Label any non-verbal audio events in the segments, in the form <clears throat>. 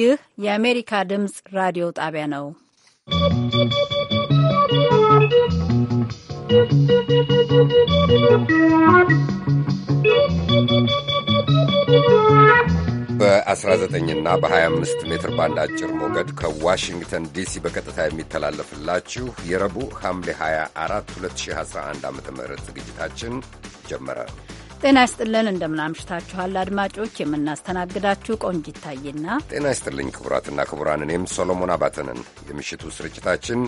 ይህ የአሜሪካ ድምፅ ራዲዮ ጣቢያ ነው። 19 እና በ25 ሜትር ባንድ አጭር ሞገድ ከዋሽንግተን ዲሲ በቀጥታ የሚተላለፍላችሁ የረቡዕ ሐምሌ 24 2011 ዓ ም ዝግጅታችን ጀመረ። ጤና ይስጥልን እንደምናምሽታችኋል አድማጮች የምናስተናግዳችሁ ቆንጅ ይታይና ጤና ይስጥልኝ ክቡራትና ክቡራን እኔም ሶሎሞን አባተንን የምሽቱ ስርጭታችን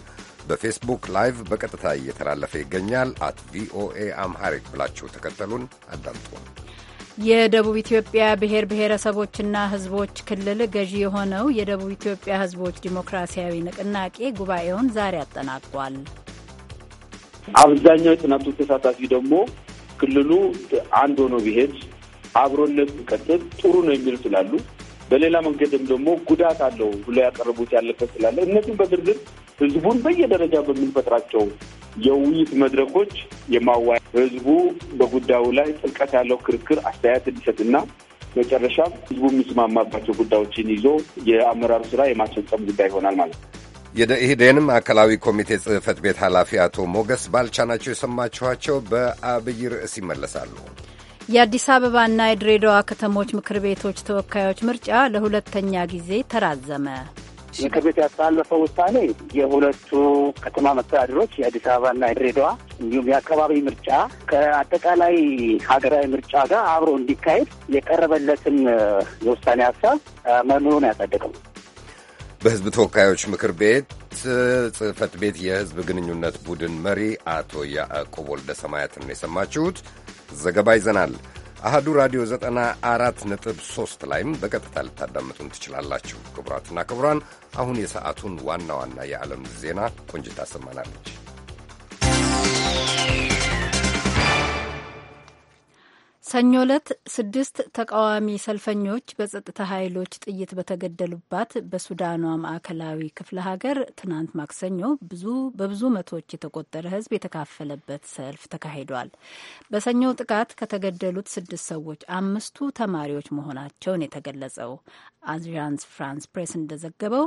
በፌስቡክ ላይቭ በቀጥታ እየተላለፈ ይገኛል አት ቪኦኤ አምሃሪክ ብላችሁ ተከተሉን አዳምጡ የደቡብ ኢትዮጵያ ብሔር ብሔረሰቦችና ህዝቦች ክልል ገዢ የሆነው የደቡብ ኢትዮጵያ ህዝቦች ዲሞክራሲያዊ ንቅናቄ ጉባኤውን ዛሬ አጠናቋል አብዛኛው የጥናቱ ተሳታፊ ደግሞ ክልሉ አንድ ሆኖ ቢሄድ አብሮነት ቢቀጥል ጥሩ ነው የሚል ስላሉ በሌላ መንገድም ደግሞ ጉዳት አለው ብሎ ያቀረቡት ያለበት ስላለ እነዚህም በዝርዝር ህዝቡን በየደረጃ በምንፈጥራቸው የውይይት መድረኮች የማዋ ህዝቡ በጉዳዩ ላይ ጥልቀት ያለው ክርክር አስተያየት እንዲሰጥና መጨረሻም ህዝቡ የሚስማማባቸው ጉዳዮችን ይዞ የአመራሩ ስራ የማስፈጸም ጉዳይ ይሆናል ማለት ነው። የደኢህዴንም ማዕከላዊ ኮሚቴ ጽህፈት ቤት ኃላፊ አቶ ሞገስ ባልቻ ናቸው የሰማችኋቸው። በአብይ ርዕስ ይመለሳሉ። የአዲስ አበባና የድሬዳዋ ከተሞች ምክር ቤቶች ተወካዮች ምርጫ ለሁለተኛ ጊዜ ተራዘመ። ምክር ቤት ያስተላለፈው ውሳኔ የሁለቱ ከተማ መስተዳድሮች የአዲስ አበባና የድሬዳዋ እንዲሁም የአካባቢ ምርጫ ከአጠቃላይ ሀገራዊ ምርጫ ጋር አብሮ እንዲካሄድ የቀረበለትን የውሳኔ ሀሳብ መኖሩን ያጸደቀው በህዝብ ተወካዮች ምክር ቤት ጽህፈት ቤት የህዝብ ግንኙነት ቡድን መሪ አቶ ያዕቆብ ወልደ ሰማያትን ነው የሰማችሁት። ዘገባ ይዘናል። አህዱ ራዲዮ 94.3 ላይም በቀጥታ ልታዳምጡን ትችላላችሁ። ክቡራትና ክቡራን፣ አሁን የሰዓቱን ዋና ዋና የዓለም ዜና ቆንጅት ታሰማናለች። ሰኞ ዕለት ስድስት ተቃዋሚ ሰልፈኞች በጸጥታ ኃይሎች ጥይት በተገደሉባት በሱዳኗ ማዕከላዊ ክፍለ ሀገር ትናንት ማክሰኞ ብዙ በብዙ መቶዎች የተቆጠረ ሕዝብ የተካፈለበት ሰልፍ ተካሂዷል። በሰኞው ጥቃት ከተገደሉት ስድስት ሰዎች አምስቱ ተማሪዎች መሆናቸውን የተገለጸው አዣንስ ፍራንስ ፕሬስ እንደዘገበው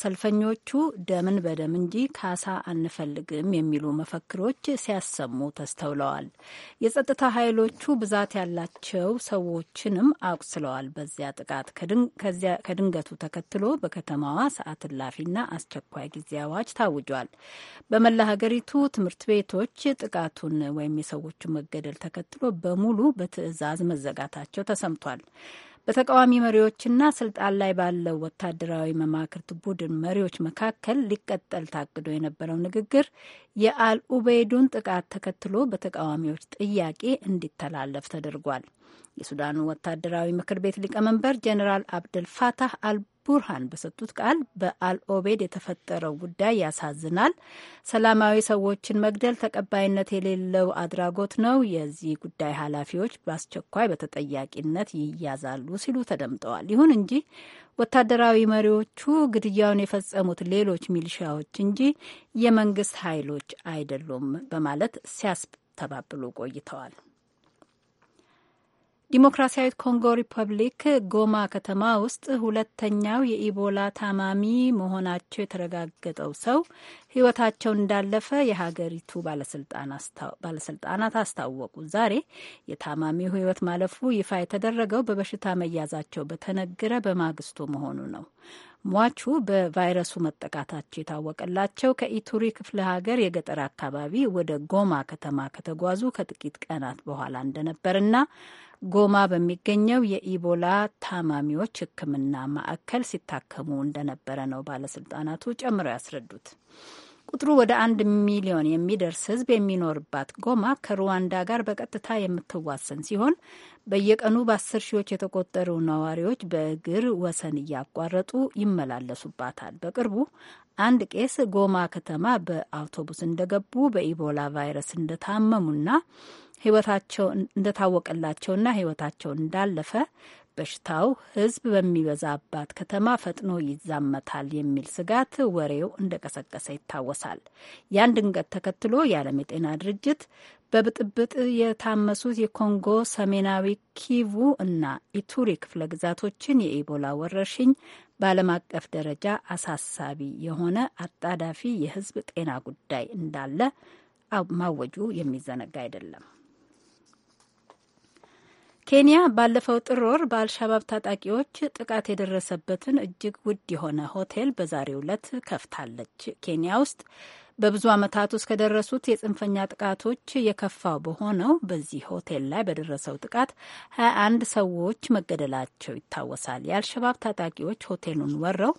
ሰልፈኞቹ ደምን በደም እንጂ ካሳ አንፈልግም የሚሉ መፈክሮች ሲያሰሙ ተስተውለዋል። የጸጥታ ኃይሎቹ ብዛት ያላቸው ሰዎችንም አቁስለዋል። በዚያ ጥቃት ከድንገቱ ተከትሎ በከተማዋ ሰዓት እላፊና አስቸኳይ ጊዜ አዋጅ ታውጇል። በመላ ሀገሪቱ ትምህርት ቤቶች ጥቃቱን ወይም የሰዎቹ መገደል ተከትሎ በሙሉ በትዕዛዝ መዘጋታቸው ተሰምቷል። በተቃዋሚ መሪዎችና ስልጣን ላይ ባለው ወታደራዊ መማክርት ቡድን መሪዎች መካከል ሊቀጠል ታቅዶ የነበረው ንግግር የአልኡበይዱን ጥቃት ተከትሎ በተቃዋሚዎች ጥያቄ እንዲተላለፍ ተደርጓል። የሱዳኑ ወታደራዊ ምክር ቤት ሊቀመንበር ጀኔራል አብደል ፋታህ አል ቡርሃን በሰጡት ቃል በአልኦቤድ የተፈጠረው ጉዳይ ያሳዝናል። ሰላማዊ ሰዎችን መግደል ተቀባይነት የሌለው አድራጎት ነው። የዚህ ጉዳይ ኃላፊዎች በአስቸኳይ በተጠያቂነት ይያዛሉ ሲሉ ተደምጠዋል። ይሁን እንጂ ወታደራዊ መሪዎቹ ግድያውን የፈጸሙት ሌሎች ሚሊሻዎች እንጂ የመንግስት ኃይሎች አይደሉም በማለት ሲያስተባብሉ ቆይተዋል። ዲሞክራሲያዊት ኮንጎ ሪፐብሊክ ጎማ ከተማ ውስጥ ሁለተኛው የኢቦላ ታማሚ መሆናቸው የተረጋገጠው ሰው ሕይወታቸው እንዳለፈ የሀገሪቱ ባለስልጣናት አስታወቁ። ዛሬ የታማሚው ሕይወት ማለፉ ይፋ የተደረገው በበሽታ መያዛቸው በተነገረ በማግስቱ መሆኑ ነው። ሟቹ በቫይረሱ መጠቃታቸው የታወቀላቸው ከኢቱሪ ክፍለ ሀገር የገጠር አካባቢ ወደ ጎማ ከተማ ከተጓዙ ከጥቂት ቀናት በኋላ እንደነበርና ጎማ በሚገኘው የኢቦላ ታማሚዎች ሕክምና ማዕከል ሲታከሙ እንደነበረ ነው ባለስልጣናቱ ጨምረው ያስረዱት። ቁጥሩ ወደ አንድ ሚሊዮን የሚደርስ ህዝብ የሚኖርባት ጎማ ከሩዋንዳ ጋር በቀጥታ የምትዋሰን ሲሆን በየቀኑ በአስር ሺዎች የተቆጠሩ ነዋሪዎች በእግር ወሰን እያቋረጡ ይመላለሱባታል። በቅርቡ አንድ ቄስ ጎማ ከተማ በአውቶቡስ እንደገቡ በኢቦላ ቫይረስ እንደታመሙና ህይወታቸው እንደታወቀላቸውና ህይወታቸው እንዳለፈ በሽታው ህዝብ በሚበዛባት ከተማ ፈጥኖ ይዛመታል የሚል ስጋት ወሬው እንደቀሰቀሰ ይታወሳል። ያን ድንገት ተከትሎ የዓለም የጤና ድርጅት በብጥብጥ የታመሱት የኮንጎ ሰሜናዊ ኪቩ እና ኢቱሪ ክፍለ ግዛቶችን የኢቦላ ወረርሽኝ በዓለም አቀፍ ደረጃ አሳሳቢ የሆነ አጣዳፊ የህዝብ ጤና ጉዳይ እንዳለ ማወጁ የሚዘነጋ አይደለም። ኬንያ ባለፈው ጥር ወር በአልሻባብ ታጣቂዎች ጥቃት የደረሰበትን እጅግ ውድ የሆነ ሆቴል በዛሬው ዕለት ከፍታለች። ኬንያ ውስጥ በብዙ ዓመታት ውስጥ ከደረሱት የጽንፈኛ ጥቃቶች የከፋው በሆነው በዚህ ሆቴል ላይ በደረሰው ጥቃት 21 ሰዎች መገደላቸው ይታወሳል። የአልሸባብ ታጣቂዎች ሆቴሉን ወረው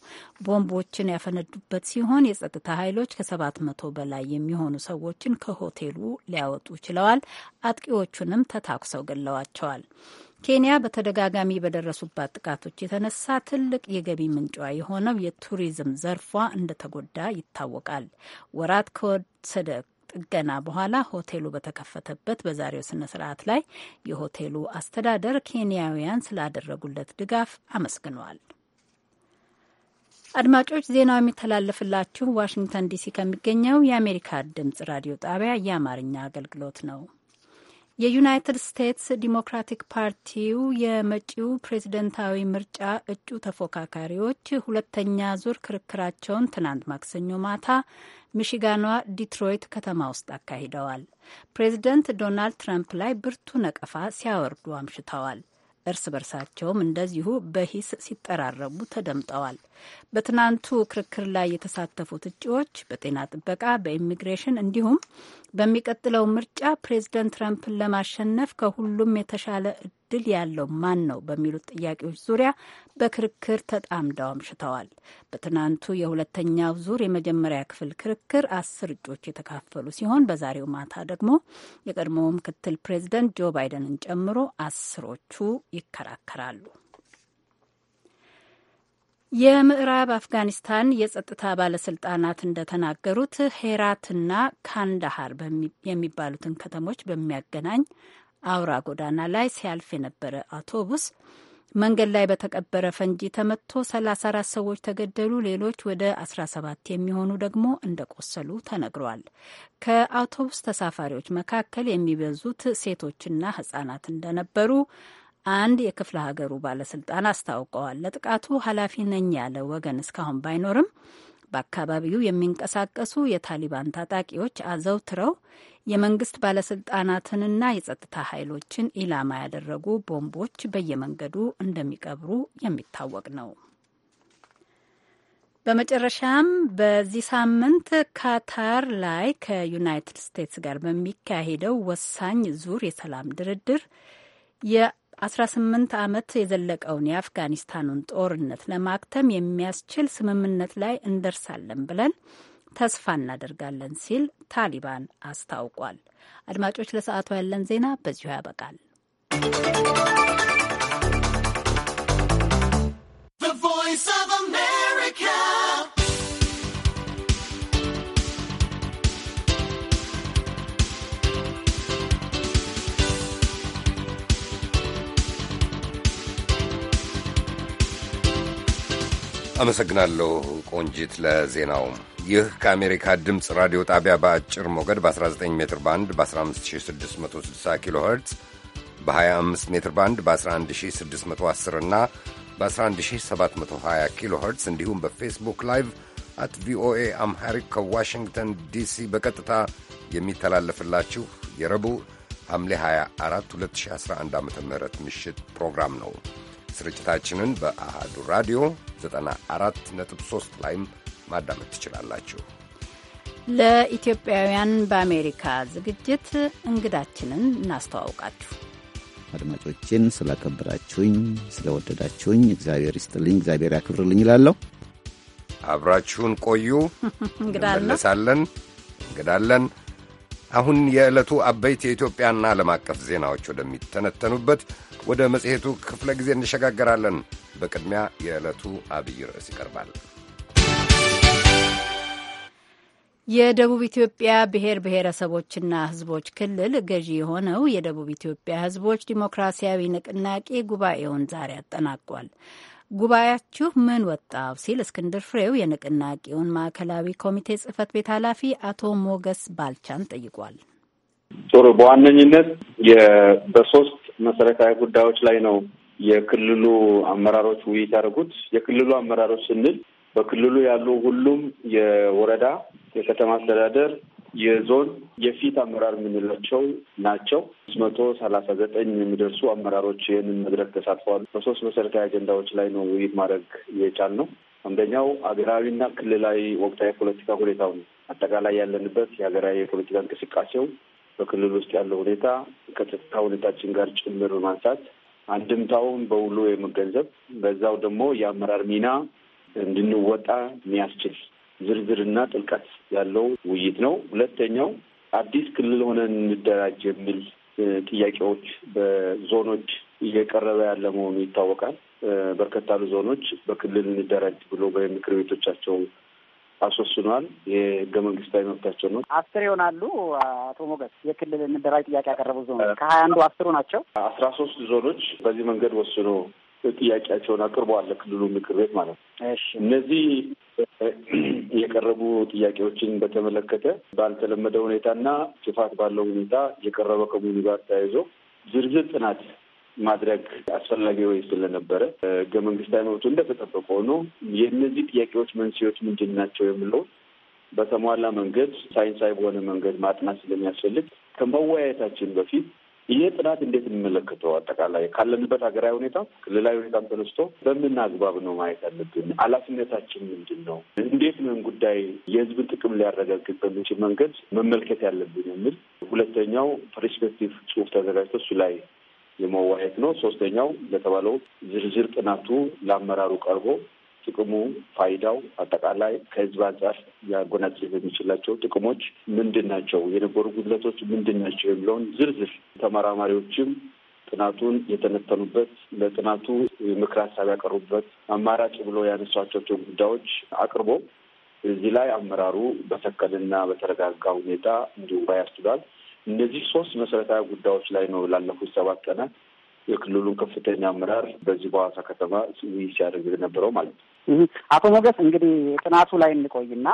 ቦምቦችን ያፈነዱበት ሲሆን የጸጥታ ኃይሎች ከ700 በላይ የሚሆኑ ሰዎችን ከሆቴሉ ሊያወጡ ችለዋል። አጥቂዎቹንም ተታኩሰው ገለዋቸዋል። ኬንያ በተደጋጋሚ በደረሱባት ጥቃቶች የተነሳ ትልቅ የገቢ ምንጯ የሆነው የቱሪዝም ዘርፏ እንደተጎዳ ይታወቃል። ወራት ከወሰደ ጥገና በኋላ ሆቴሉ በተከፈተበት በዛሬው ስነ ስርዓት ላይ የሆቴሉ አስተዳደር ኬንያውያን ስላደረጉለት ድጋፍ አመስግነዋል። አድማጮች ዜናው የሚተላለፍላችሁ ዋሽንግተን ዲሲ ከሚገኘው የአሜሪካ ድምጽ ራዲዮ ጣቢያ የአማርኛ አገልግሎት ነው። የዩናይትድ ስቴትስ ዲሞክራቲክ ፓርቲው የመጪው ፕሬዝደንታዊ ምርጫ እጩ ተፎካካሪዎች ሁለተኛ ዙር ክርክራቸውን ትናንት ማክሰኞ ማታ ሚሽጋኗ ዲትሮይት ከተማ ውስጥ አካሂደዋል። ፕሬዝደንት ዶናልድ ትራምፕ ላይ ብርቱ ነቀፋ ሲያወርዱ አምሽተዋል። እርስ በርሳቸውም እንደዚሁ በሂስ ሲጠራረቡ ተደምጠዋል። በትናንቱ ክርክር ላይ የተሳተፉት እጩዎች በጤና ጥበቃ፣ በኢሚግሬሽን እንዲሁም በሚቀጥለው ምርጫ ፕሬዝደንት ትራምፕን ለማሸነፍ ከሁሉም የተሻለ እድል ያለው ማን ነው በሚሉት ጥያቄዎች ዙሪያ በክርክር ተጣምደው አምሽተዋል። በትናንቱ የሁለተኛው ዙር የመጀመሪያ ክፍል ክርክር አስር እጩዎች የተካፈሉ ሲሆን በዛሬው ማታ ደግሞ የቀድሞው ምክትል ፕሬዚደንት ጆ ባይደንን ጨምሮ አስሮቹ ይከራከራሉ። የምዕራብ አፍጋኒስታን የጸጥታ ባለስልጣናት እንደተናገሩት ሄራትና ካንዳሃር የሚባሉትን ከተሞች በሚያገናኝ አውራ ጎዳና ላይ ሲያልፍ የነበረ አውቶቡስ መንገድ ላይ በተቀበረ ፈንጂ ተመትቶ 34 ሰዎች ተገደሉ። ሌሎች ወደ 17 የሚሆኑ ደግሞ እንደቆሰሉ ተነግሯል። ከአውቶቡስ ተሳፋሪዎች መካከል የሚበዙት ሴቶችና ሕጻናት እንደነበሩ አንድ የክፍለ ሀገሩ ባለስልጣን አስታውቀዋል። ለጥቃቱ ኃላፊ ነኝ ያለ ወገን እስካሁን ባይኖርም በአካባቢው የሚንቀሳቀሱ የታሊባን ታጣቂዎች አዘውትረው የመንግስት ባለስልጣናትንና የጸጥታ ኃይሎችን ኢላማ ያደረጉ ቦምቦች በየመንገዱ እንደሚቀብሩ የሚታወቅ ነው። በመጨረሻም በዚህ ሳምንት ካታር ላይ ከዩናይትድ ስቴትስ ጋር በሚካሄደው ወሳኝ ዙር የሰላም ድርድር የ18 ዓመት የዘለቀውን የአፍጋኒስታኑን ጦርነት ለማክተም የሚያስችል ስምምነት ላይ እንደርሳለን ብለን ተስፋ እናደርጋለን ሲል ታሊባን አስታውቋል። አድማጮች፣ ለሰዓቱ ያለን ዜና በዚሁ ያበቃል። አመሰግናለሁ ቆንጂት ለዜናውም። ይህ ከአሜሪካ ድምፅ ራዲዮ ጣቢያ በአጭር ሞገድ በ19 ሜትር ባንድ በ15660 ኪሎ ኸርትዝ በ25 ሜትር ባንድ በ11610 እና በ11720 ኪሎ ኸርትዝ እንዲሁም በፌስቡክ ላይቭ አት ቪኦኤ አምሐሪክ ከዋሽንግተን ዲሲ በቀጥታ የሚተላለፍላችሁ የረቡዕ ሐምሌ 24 2011 ዓ ም ምሽት ፕሮግራም ነው። ስርጭታችንን በአሃዱ ራዲዮ 94.3 ላይም ማዳመጥ ትችላላችሁ። ለኢትዮጵያውያን በአሜሪካ ዝግጅት እንግዳችንን እናስተዋውቃችሁ። አድማጮችን ስላከበራችሁኝ፣ ስለወደዳችሁኝ እግዚአብሔር ይስጥልኝ፣ እግዚአብሔር ያክብርልኝ ይላለሁ። አብራችሁን ቆዩ። <laughs> እንመለሳለን። እንግዳለን። አሁን የዕለቱ አበይት የኢትዮጵያና ዓለም አቀፍ ዜናዎች ወደሚተነተኑበት ወደ መጽሔቱ ክፍለ ጊዜ እንሸጋገራለን። በቅድሚያ የዕለቱ አብይ ርዕስ ይቀርባል። የደቡብ ኢትዮጵያ ብሔር ብሔረሰቦችና ሕዝቦች ክልል ገዢ የሆነው የደቡብ ኢትዮጵያ ሕዝቦች ዲሞክራሲያዊ ንቅናቄ ጉባኤውን ዛሬ አጠናቋል። ጉባኤያችሁ ምን ወጣው ሲል እስክንድር ፍሬው የንቅናቄውን ማዕከላዊ ኮሚቴ ጽህፈት ቤት ኃላፊ አቶ ሞገስ ባልቻን ጠይቋል። ጥሩ። በዋነኝነት በሶስት መሰረታዊ ጉዳዮች ላይ ነው የክልሉ አመራሮች ውይይት ያደርጉት። የክልሉ አመራሮች ስንል በክልሉ ያሉ ሁሉም የወረዳ የከተማ አስተዳደር የዞን የፊት አመራር የምንላቸው ናቸው። ሶስት መቶ ሰላሳ ዘጠኝ የሚደርሱ አመራሮች ይህንን መድረክ ተሳትፈዋል። በሶስት መሰረታዊ አጀንዳዎች ላይ ነው ውይይት ማድረግ የቻልነው። አንደኛው ሀገራዊና ክልላዊ ወቅታዊ ፖለቲካ ሁኔታው ነው። አጠቃላይ ያለንበት የሀገራዊ የፖለቲካ እንቅስቃሴው በክልል ውስጥ ያለው ሁኔታ ከጸጥታ ሁኔታችን ጋር ጭምር በማንሳት አንድምታውን በውሎ የመገንዘብ በዛው ደግሞ የአመራር ሚና እንድንወጣ የሚያስችል ዝርዝርና ጥልቀት ያለው ውይይት ነው። ሁለተኛው አዲስ ክልል ሆነን እንደራጅ የሚል ጥያቄዎች በዞኖች እየቀረበ ያለ መሆኑ ይታወቃል። በርከት ያሉ ዞኖች በክልል እንደራጅ ብሎ በምክር ቤቶቻቸው አስወስኗል። የህገ መንግስታዊ መብታቸው ነው። አስር ይሆናሉ። አቶ ሞገስ የክልል እንደራጅ ጥያቄ ያቀረቡ ዞኖች ከሀያ አንዱ አስሩ ናቸው። አስራ ሶስት ዞኖች በዚህ መንገድ ወስኖ ጥያቄያቸውን አቅርበዋል ለክልሉ ምክር ቤት ማለት ነው። እነዚህ <clears throat> የቀረቡ ጥያቄዎችን በተመለከተ ባልተለመደ ሁኔታና ስፋት ባለው ሁኔታ የቀረበ ከመሆኑ ጋር ተያይዞ ዝርዝር ጥናት ማድረግ አስፈላጊ ወይ ስለነበረ ህገ መንግስታዊ መብቱ እንደተጠበቀ ሆኖ የእነዚህ ጥያቄዎች መንስኤዎች ምንድን ናቸው የሚለው በተሟላ መንገድ ሳይንሳዊ በሆነ መንገድ ማጥናት ስለሚያስፈልግ ከመወያየታችን በፊት ይህ ጥናት እንዴት እንመለከተው? አጠቃላይ ካለንበት ሀገራዊ ሁኔታ ክልላዊ ሁኔታም ተነስቶ በምን አግባብ ነው ማየት ያለብን? ኃላፊነታችን ምንድን ነው? እንዴት ነው ጉዳይ የህዝብን ጥቅም ሊያረጋግጥ በምንችል መንገድ መመልከት ያለብን የሚል ሁለተኛው ፐርስፔክቲቭ ጽሁፍ ተዘጋጅቶ እሱ ላይ የመዋየት ነው። ሶስተኛው ለተባለው ዝርዝር ጥናቱ ለአመራሩ ቀርቦ ጥቅሙ፣ ፋይዳው አጠቃላይ ከህዝብ አንጻር ያጎናጽፍ የሚችላቸው ጥቅሞች ምንድን ናቸው፣ የነበሩ ጉድለቶች ምንድን ናቸው የሚለውን ዝርዝር ተመራማሪዎችም ጥናቱን የተነተኑበት ለጥናቱ ምክር ሀሳብ ያቀርቡበት አማራጭ ብሎ ያነሷቸው ጉዳዮች አቅርቦ እዚህ ላይ አመራሩ በሰከንና በተረጋጋ ሁኔታ እንዲወያይ ያስችሏል። እነዚህ ሶስት መሰረታዊ ጉዳዮች ላይ ነው ላለፉት ሰባት ቀናት የክልሉን ከፍተኛ አመራር በዚህ በሐዋሳ ከተማ ውይይት ሲያደርግ የነበረው ማለት ነው። አቶ ሞገስ እንግዲህ ጥናቱ ላይ እንቆይና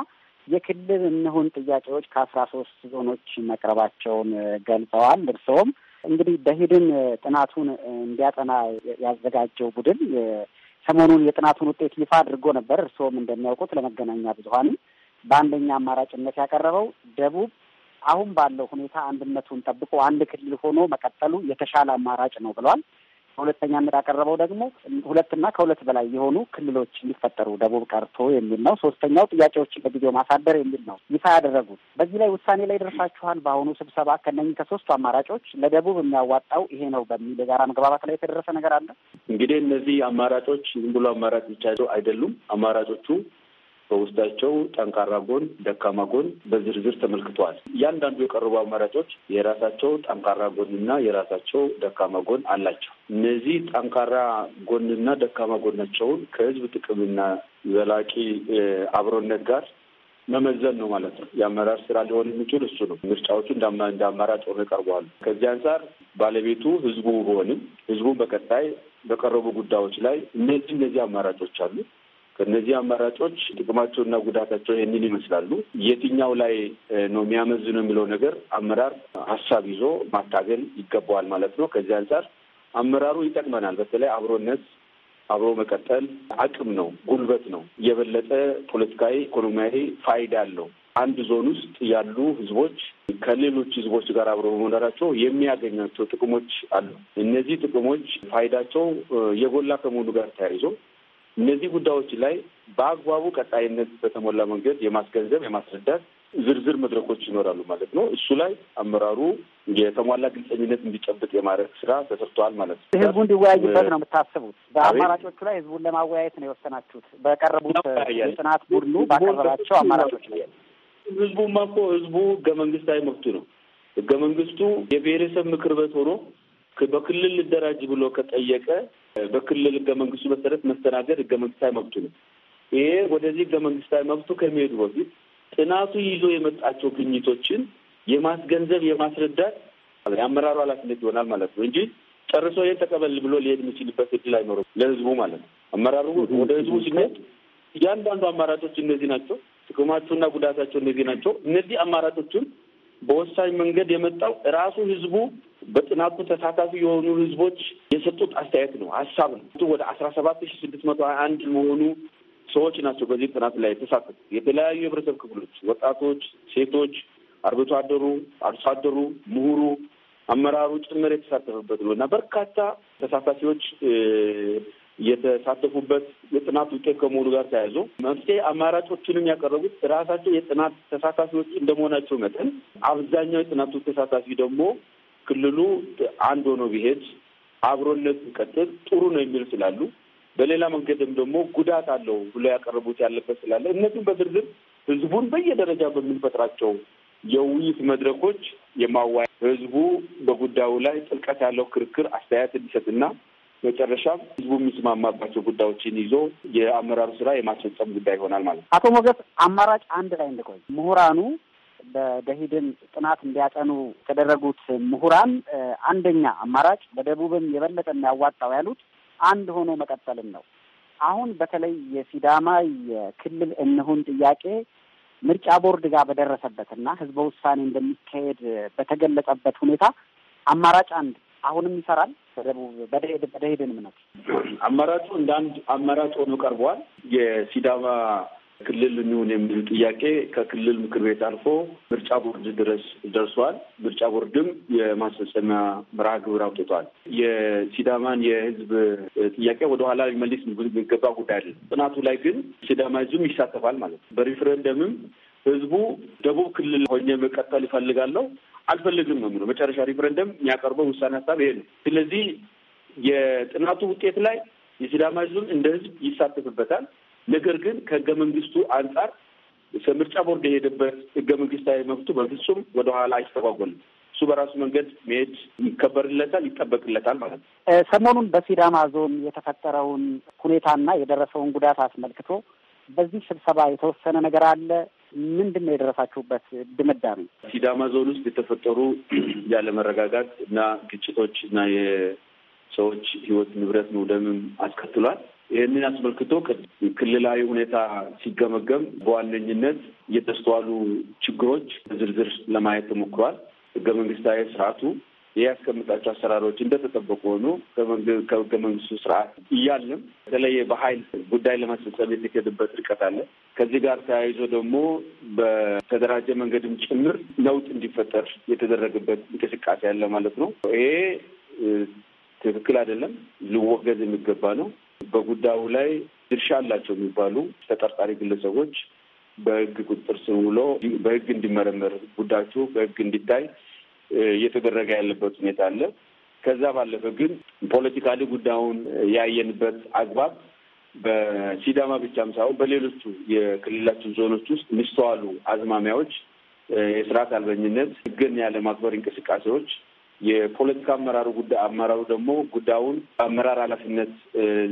የክልል እንሁን ጥያቄዎች ከአስራ ሶስት ዞኖች መቅረባቸውን ገልጸዋል። እርስዎም እንግዲህ በሂድን ጥናቱን እንዲያጠና ያዘጋጀው ቡድን ሰሞኑን የጥናቱን ውጤት ይፋ አድርጎ ነበር። እርስዎም እንደሚያውቁት ለመገናኛ ብዙኃንም በአንደኛ አማራጭነት ያቀረበው ደቡብ አሁን ባለው ሁኔታ አንድነቱን ጠብቆ አንድ ክልል ሆኖ መቀጠሉ የተሻለ አማራጭ ነው ብሏል። በሁለተኛነት ያቀረበው ደግሞ ሁለትና ከሁለት በላይ የሆኑ ክልሎች እንዲፈጠሩ ደቡብ ቀርቶ የሚል ነው። ሶስተኛው ጥያቄዎችን በጊዜው ማሳደር የሚል ነው ይፋ ያደረጉት። በዚህ ላይ ውሳኔ ላይ ደርሳችኋል። በአሁኑ ስብሰባ ከነኝ ከሶስቱ አማራጮች ለደቡብ የሚያዋጣው ይሄ ነው በሚል የጋራ መግባባት ላይ የተደረሰ ነገር አለ። እንግዲህ እነዚህ አማራጮች ዝም ብሎ አማራጭ ብቻ አይደሉም። አማራጮቹ በውስጣቸው ጠንካራ ጎን፣ ደካማ ጎን በዝርዝር ተመልክተዋል። እያንዳንዱ የቀረቡ አማራጮች የራሳቸው ጠንካራ ጎንና የራሳቸው ደካማ ጎን አላቸው። እነዚህ ጠንካራ ጎንና ደካማ ጎናቸውን ከህዝብ ጥቅምና ዘላቂ አብሮነት ጋር መመዘን ነው ማለት ነው። የአመራር ስራ ሊሆን የሚችል እሱ ነው። ምርጫዎቹ እንደ አማራጭ ሆነው ይቀርበዋሉ። ከዚህ አንጻር ባለቤቱ ህዝቡ ቢሆንም ህዝቡን በቀጣይ በቀረቡ ጉዳዮች ላይ እነዚህ እነዚህ አማራጮች አሉ ከእነዚህ አማራጮች ጥቅማቸውና ጉዳታቸው ይህንን ይመስላሉ። የትኛው ላይ ነው ነው የሚለው ነገር አመራር ሀሳብ ይዞ ማታገል ይገባዋል ማለት ነው። ከዚህ አንጻር አመራሩ ይጠቅመናል። በተለይ አብሮነት፣ አብሮ መቀጠል አቅም ነው፣ ጉልበት ነው። የበለጠ ፖለቲካዊ፣ ኢኮኖሚያዊ ፋይዳ አለው። አንድ ዞን ውስጥ ያሉ ህዝቦች ከሌሎች ህዝቦች ጋር አብሮ በመኖራቸው የሚያገኛቸው ጥቅሞች አሉ። እነዚህ ጥቅሞች ፋይዳቸው የጎላ ከመሆኑ ጋር ተያይዞ እነዚህ ጉዳዮች ላይ በአግባቡ ቀጣይነት በተሞላ መንገድ የማስገንዘብ የማስረዳት ዝርዝር መድረኮች ይኖራሉ ማለት ነው። እሱ ላይ አመራሩ የተሟላ ግልጸኝነት እንዲጨብጥ የማድረግ ስራ ተሰርተዋል ማለት ነው። ህዝቡ እንዲወያይበት ነው የምታስቡት? በአማራጮቹ ላይ ህዝቡን ለማወያየት ነው የወሰናችሁት? በቀረቡት የጥናት ቡድኑ ባቀረባቸው አማራጮች ላይ ህዝቡማ እኮ ህዝቡ ህገ መንግስታዊ መብቱ ነው። ህገ መንግስቱ የብሔረሰብ ምክር ቤት ሆኖ በክልል ልደራጅ ብሎ ከጠየቀ በክልል ህገ መንግስቱ መሰረት መስተናገድ ህገ መንግስታዊ መብቱ ነው። ይሄ ወደዚህ ህገ መንግስታዊ መብቱ ከሚሄዱ በፊት ጥናቱ ይዞ የመጣቸው ግኝቶችን የማስገንዘብ የማስረዳት የአመራሩ ኃላፊነት ይሆናል ማለት ነው እንጂ ጨርሶ ይህን ተቀበል ብሎ ሊሄድ የሚችልበት እድል አይኖርም ለህዝቡ ማለት ነው። አመራሩ ወደ ህዝቡ ሲሄድ እያንዳንዱ አማራጮች እነዚህ ናቸው፣ ጥቅማቸውና ጉዳታቸው እነዚህ ናቸው። እነዚህ አማራጮቹን በወሳኝ መንገድ የመጣው ራሱ ህዝቡ በጥናቱ ተሳታፊ የሆኑ ህዝቦች የሰጡት አስተያየት ነው፣ ሀሳብ ነው። ወደ አስራ ሰባት ሺ ስድስት መቶ ሀያ አንድ የሆኑ ሰዎች ናቸው በዚህ ጥናት ላይ የተሳተፉ የተለያዩ የህብረተሰብ ክፍሎች፣ ወጣቶች፣ ሴቶች፣ አርብቶ አደሩ፣ አርሶ አደሩ፣ ምሁሩ፣ አመራሩ ጭምር የተሳተፈበት ነው እና በርካታ ተሳታፊዎች የተሳተፉበት የጥናት ውጤት ከመሆኑ ጋር ተያይዞ መፍትሄ አማራጮችንም ያቀረቡት ራሳቸው የጥናት ተሳታፊዎች እንደመሆናቸው መጠን አብዛኛው የጥናቱ ተሳታፊ ደግሞ ክልሉ አንድ ሆኖ ቢሄድ አብሮነት ቢቀጥል ጥሩ ነው የሚል ስላሉ፣ በሌላ መንገድም ደግሞ ጉዳት አለው ብሎ ያቀረቡት ያለበት ስላለ እነዚህም በዝርዝር ህዝቡን በየደረጃ በምንፈጥራቸው የውይይት መድረኮች የማዋያ ህዝቡ በጉዳዩ ላይ ጥልቀት ያለው ክርክር አስተያየት እንዲሰጥና መጨረሻም ህዝቡ የሚስማማባቸው ጉዳዮችን ይዞ የአመራሩ ስራ የማስፈጸም ጉዳይ ይሆናል ማለት ነው። አቶ ሞገስ አማራጭ አንድ ላይ እንድቆይ ምሁራኑ በደሂድን ጥናት እንዲያጠኑ የተደረጉት ምሁራን አንደኛ አማራጭ በደቡብም የበለጠ የሚያዋጣው ያሉት አንድ ሆኖ መቀጠልን ነው። አሁን በተለይ የሲዳማ የክልል እንሁን ጥያቄ ምርጫ ቦርድ ጋር በደረሰበት እና ህዝበ ውሳኔ እንደሚካሄድ በተገለጸበት ሁኔታ አማራጭ አንድ አሁንም ይሰራል። በደቡብ በደሄደን እምነት አማራጩ እንደ አንድ አማራጭ ሆኖ ቀርቧል። የሲዳማ ክልል የሚሆን የሚሉ ጥያቄ ከክልል ምክር ቤት አልፎ ምርጫ ቦርድ ድረስ ደርሷል። ምርጫ ቦርድም የማስፈጸሚያ መርሃ ግብር አውጥቷል። የሲዳማን የሕዝብ ጥያቄ ወደኋላ ሊመልስ የሚገባ ጉዳይ አለ። ጥናቱ ላይ ግን ሲዳማ ሕዝብም ይሳተፋል ማለት ነው። በሪፍረንደምም ህዝቡ ደቡብ ክልል ሆኜ መቀጠል ይፈልጋለሁ አልፈልግም ነው የሚለው። መጨረሻ ሪፍረንደም የሚያቀርበው ውሳኔ ሀሳብ ይሄ ነው። ስለዚህ የጥናቱ ውጤት ላይ የሲዳማ ህዝብም እንደ ህዝብ ይሳተፍበታል። ነገር ግን ከህገ መንግስቱ አንጻር ምርጫ ቦርድ የሄደበት ህገ መንግስታዊ መብቱ በፍጹም ወደኋላ አይስተጓጎልም። እሱ በራሱ መንገድ መሄድ ይከበርለታል፣ ይጠበቅለታል ማለት ነው። ሰሞኑን በሲዳማ ዞን የተፈጠረውን ሁኔታና የደረሰውን ጉዳት አስመልክቶ በዚህ ስብሰባ የተወሰነ ነገር አለ? ምንድን ነው የደረሳችሁበት ድምዳሜ? ሲዳማ ዞን ውስጥ የተፈጠሩ <clears throat> ያለመረጋጋት እና ግጭቶች እና የሰዎች ህይወት ንብረት መውደምም አስከትሏል። ይህንን አስመልክቶ ክልላዊ ሁኔታ ሲገመገም በዋነኝነት የተስተዋሉ ችግሮች ዝርዝር ለማየት ተሞክሯል። ህገ መንግስታዊ ስርዓቱ ያስቀምጣቸው አሰራሮች እንደተጠበቁ ሆኑ ከህገ መንግስቱ ስርዓት እያለም በተለይ በሀይል ጉዳይ ለማስፈጸም የሚሄድበት ርቀት አለ። ከዚህ ጋር ተያይዞ ደግሞ በተደራጀ መንገድም ጭምር ለውጥ እንዲፈጠር የተደረገበት እንቅስቃሴ አለ ማለት ነው። ይሄ ትክክል አይደለም፣ ሊወገዝ የሚገባ ነው። በጉዳዩ ላይ ድርሻ አላቸው የሚባሉ ተጠርጣሪ ግለሰቦች በህግ ቁጥጥር ስር ውሎ በህግ እንዲመረመር ጉዳቸው በህግ እንዲታይ እየተደረገ ያለበት ሁኔታ አለ። ከዛ ባለፈ ግን ፖለቲካሊ ጉዳዩን ያየንበት አግባብ በሲዳማ ብቻም ሳይሆን በሌሎቹ የክልላችን ዞኖች ውስጥ የሚስተዋሉ አዝማሚያዎች፣ የስርዓት አልበኝነት፣ ሕግን ያለማክበር እንቅስቃሴዎች፣ የፖለቲካ አመራሩ ጉዳይ አመራሩ ደግሞ ጉዳዩን አመራር ኃላፊነት